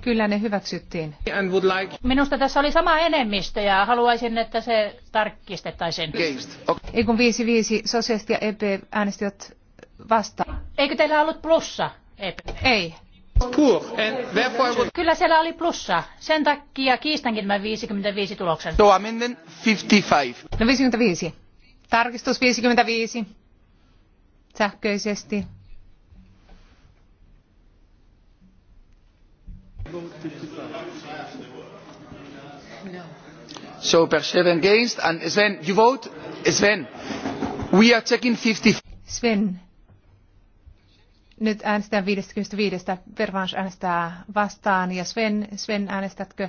Kyllä ne hyväksyttiin. Like... Minusta tässä oli sama enemmistö ja haluaisin, että se tarkistettaisiin. Okay. Ei 55 sosiaalisti ja EP äänestivät vastaan. Eikö teillä ollut plussa? EP? Ei. Cool. Would... Kyllä siellä oli plussa. Sen takia kiistankin tämän 55 tuloksen. So amendment 55. No 55. Tarkistus 55 sähköisesti. So per seven against and Sven, you vote? Sven, we are checking 50. Sven, nyt äänestetään 55. Pervans äänestää vastaan ja Sven, Sven äänestätkö?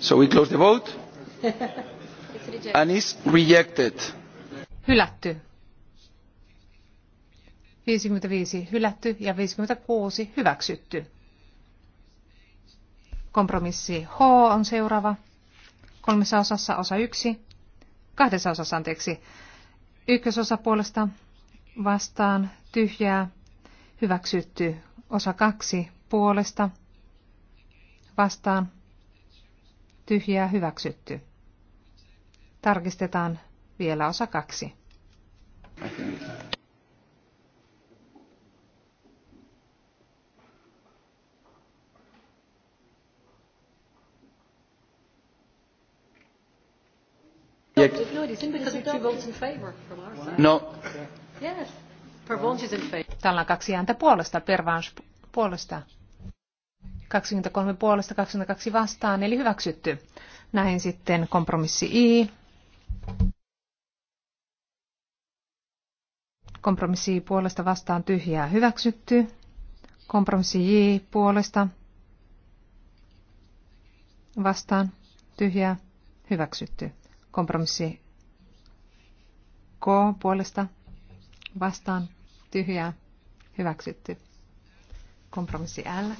So we close the vote. rejected. and is rejected. Hylätty. 55 hylätty ja 56 hyväksytty. Kompromissi H on seuraava. Kolmessa osassa osa 1. Kahdessa osassa anteeksi. Ykkösosa puolesta vastaan tyhjää hyväksytty. Osa 2 puolesta vastaan tyhjää hyväksytty. Tarkistetaan vielä osa kaksi. No. Täällä on kaksi ääntä puolesta, Pervans puolesta. 23 puolesta, 22 vastaan, eli hyväksytty. Näin sitten kompromissi I Kompromissi puolesta vastaan tyhjää hyväksytty. Kompromissi J puolesta vastaan tyhjää hyväksytty. Kompromissi K puolesta vastaan tyhjää hyväksytty. Kompromissi L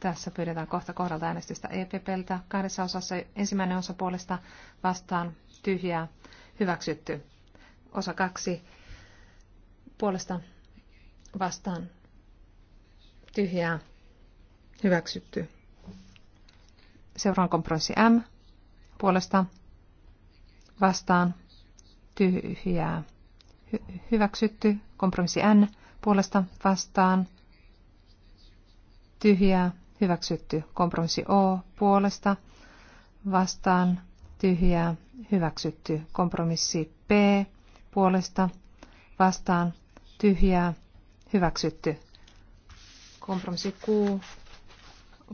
tässä pyydetään kohta kohdalta äänestystä EPPltä. Kahdessa osassa ensimmäinen osa puolesta vastaan tyhjää hyväksytty. Osa kaksi puolesta vastaan tyhjää hyväksytty. Seuraan kompromissi M puolesta vastaan tyhjää hy- hyväksytty. Kompromissi N puolesta vastaan tyhjää, hyväksytty. Kompromissi O puolesta vastaan tyhjää, hyväksytty. Kompromissi P puolesta vastaan tyhjää, hyväksytty. Kompromissi Q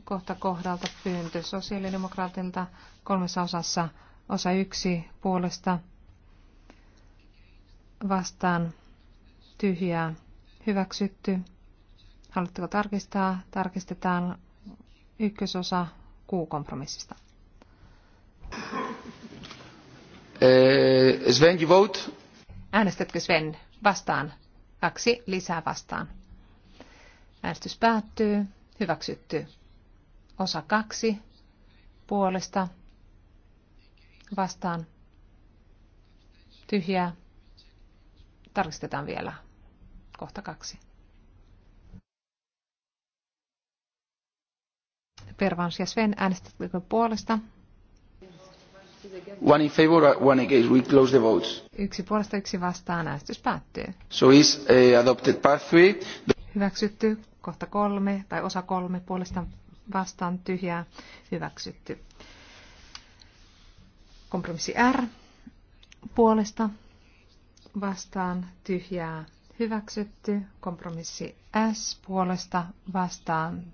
kohta kohdalta pyyntö sosiaalidemokraatilta kolmessa osassa osa yksi puolesta vastaan tyhjää hyväksytty. Haluatteko tarkistaa? Tarkistetaan ykkösosa Q-kompromissista. Eh, Sven, you vote? Äänestätkö Sven? Vastaan. Kaksi lisää vastaan. Äänestys päättyy. Hyväksytty. Osa kaksi. Puolesta. Vastaan. Tyhjää. Tarkistetaan vielä. Kohta kaksi. Pervans ja Sven, äänestätkö puolesta? One in favor, one against. We close the votes. Yksi puolesta, yksi vastaan. Äänestys päättyy. So is eh, adopted part three. Hyväksytty kohta kolme tai osa kolme puolesta vastaan tyhjää. Hyväksytty. Kompromissi R puolesta vastaan tyhjää hyväksytty, kompromissi S puolesta vastaan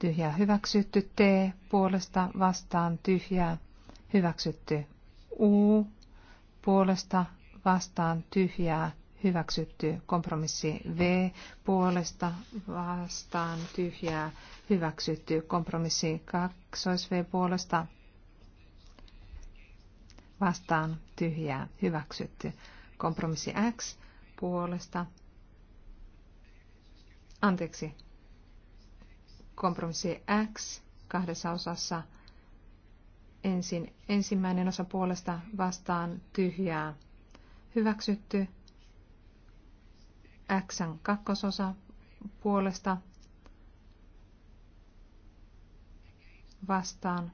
tyhjää hyväksytty, T puolesta vastaan tyhjää hyväksytty, U puolesta vastaan tyhjää hyväksytty, kompromissi V puolesta vastaan tyhjää hyväksytty, kompromissi 2 V puolesta vastaan tyhjää hyväksytty, kompromissi X puolesta, anteeksi, kompromissi X kahdessa osassa. Ensin ensimmäinen osa puolesta vastaan tyhjää hyväksytty. X kakkososa puolesta vastaan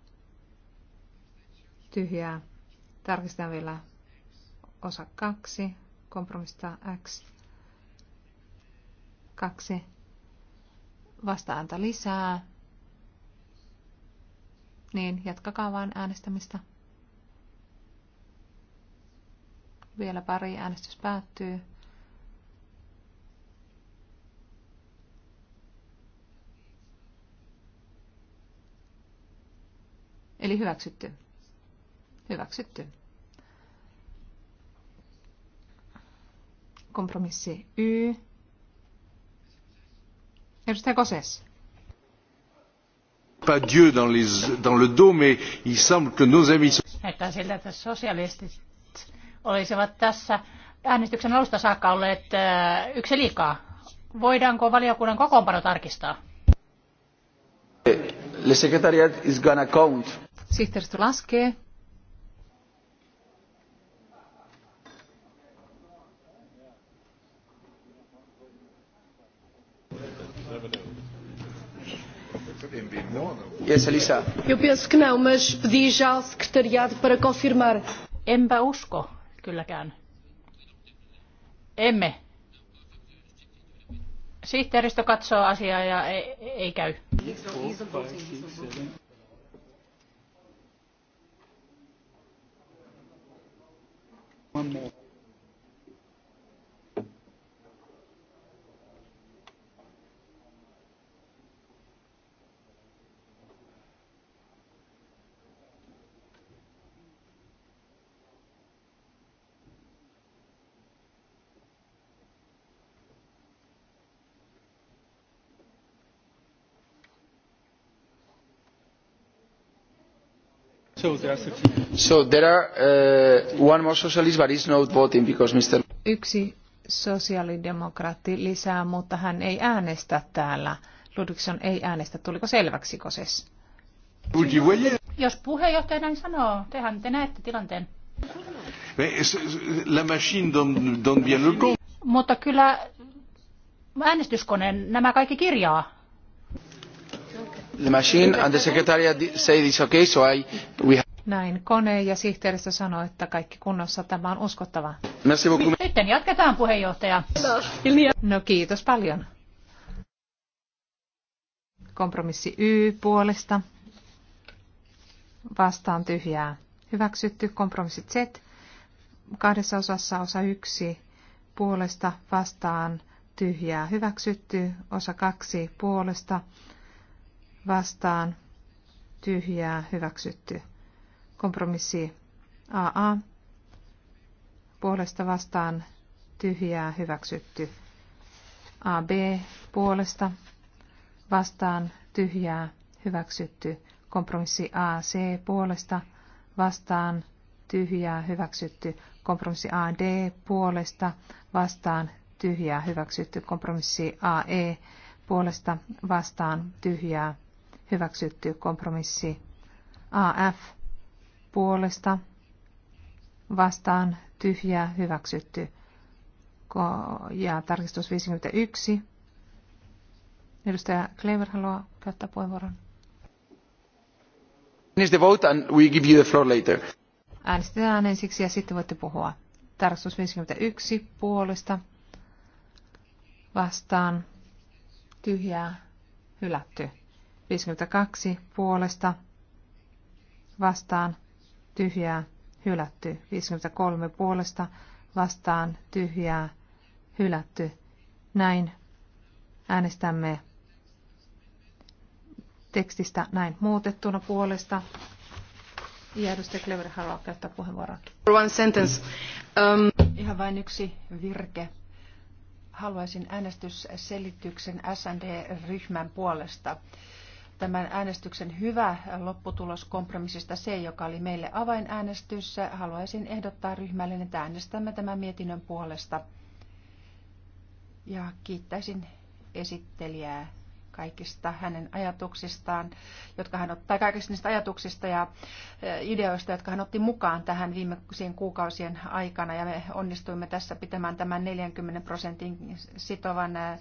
tyhjää. Tarkistetaan vielä osa kaksi kompromista X. kaksi vastaanta lisää. Niin, jatkakaa vaan äänestämistä. Vielä pari, äänestys päättyy. Eli hyväksytty. Hyväksytty. Kompromissi Y Edustaja Koses. Pas Dieu dans, les, dans le dos, mais il semble que nos amis... Näyttää siltä, että sosialistit olisivat tässä äänestyksen alusta saakka olleet äh, yksi liikaa. Voidaanko valiokunnan kokoonpano tarkistaa? Le secretariat is gonna count. Sihteeristö laskee Enpä usko, kylläkään. Emme. Sihteeristö katsoo asiaa ja ei, ei käy. One more. Yksi sosiaalidemokraatti lisää, mutta hän ei äänestä täällä. Ludvigson ei äänestä. Tuliko selväksi, Koses? Jos puheenjohtaja näin sanoo, tehän te näette tilanteen. La machine donne bien le Mutta kyllä äänestyskoneen nämä kaikki kirjaa. Näin kone ja sihteeristö sanoi, että kaikki kunnossa. Tämä on uskottava. Sitten jatketaan puheenjohtaja. No kiitos paljon. Kompromissi Y puolesta. Vastaan tyhjää. Hyväksytty. Kompromissi Z. Kahdessa osassa osa 1 puolesta vastaan tyhjää. Hyväksytty. Osa 2 puolesta vastaan tyhjää hyväksytty. Kompromissi AA puolesta vastaan tyhjää hyväksytty. AB puolesta vastaan tyhjää hyväksytty. Kompromissi AC puolesta vastaan tyhjää hyväksytty. Kompromissi AD puolesta vastaan tyhjää hyväksytty. Kompromissi AE puolesta vastaan tyhjää hyväksytty kompromissi AF puolesta vastaan tyhjää hyväksytty ja tarkistus 51. Edustaja Klever haluaa käyttää puheenvuoron. The vote and we give you the floor later. Äänestetään ensiksi ja sitten voitte puhua. Tarkistus 51 puolesta vastaan tyhjää hylätty. 52 puolesta vastaan tyhjää hylätty. 53 puolesta vastaan tyhjää hylätty. Näin äänestämme tekstistä näin muutettuna puolesta. Ja edustaja Klever haluaa käyttää puheenvuoron. One sentence. Um... Ihan vain yksi virke. Haluaisin äänestysselityksen SND-ryhmän puolesta tämän äänestyksen hyvä lopputulos kompromissista se, joka oli meille avainäänestys. Haluaisin ehdottaa ryhmälle, että äänestämme tämän mietinnön puolesta. Ja kiittäisin esittelijää kaikista hänen ajatuksistaan, jotka hän, tai kaikista niistä ajatuksista ja e, ideoista, jotka hän otti mukaan tähän viimeisiin kuukausien aikana. Ja me onnistuimme tässä pitämään tämän 40 prosentin sitovan e, e,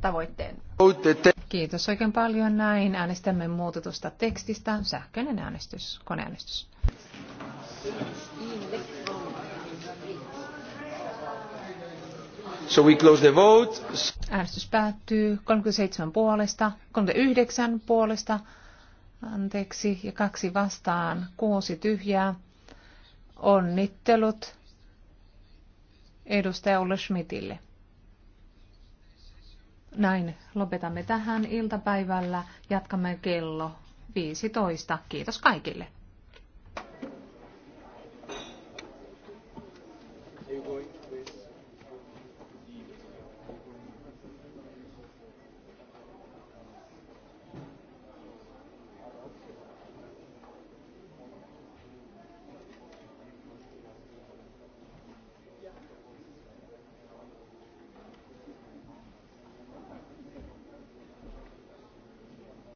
tavoitteen. Kiitos oikein paljon. Näin äänestämme muutetusta tekstistä. Sähköinen äänestys, koneäänestys. So we close the vote. Äänestys päättyy 37 puolesta, 39 puolesta, anteeksi, ja kaksi vastaan, kuusi tyhjää. Onnittelut edustaja Ulle Schmidtille. Näin lopetamme tähän iltapäivällä. Jatkamme kello 15. Kiitos kaikille.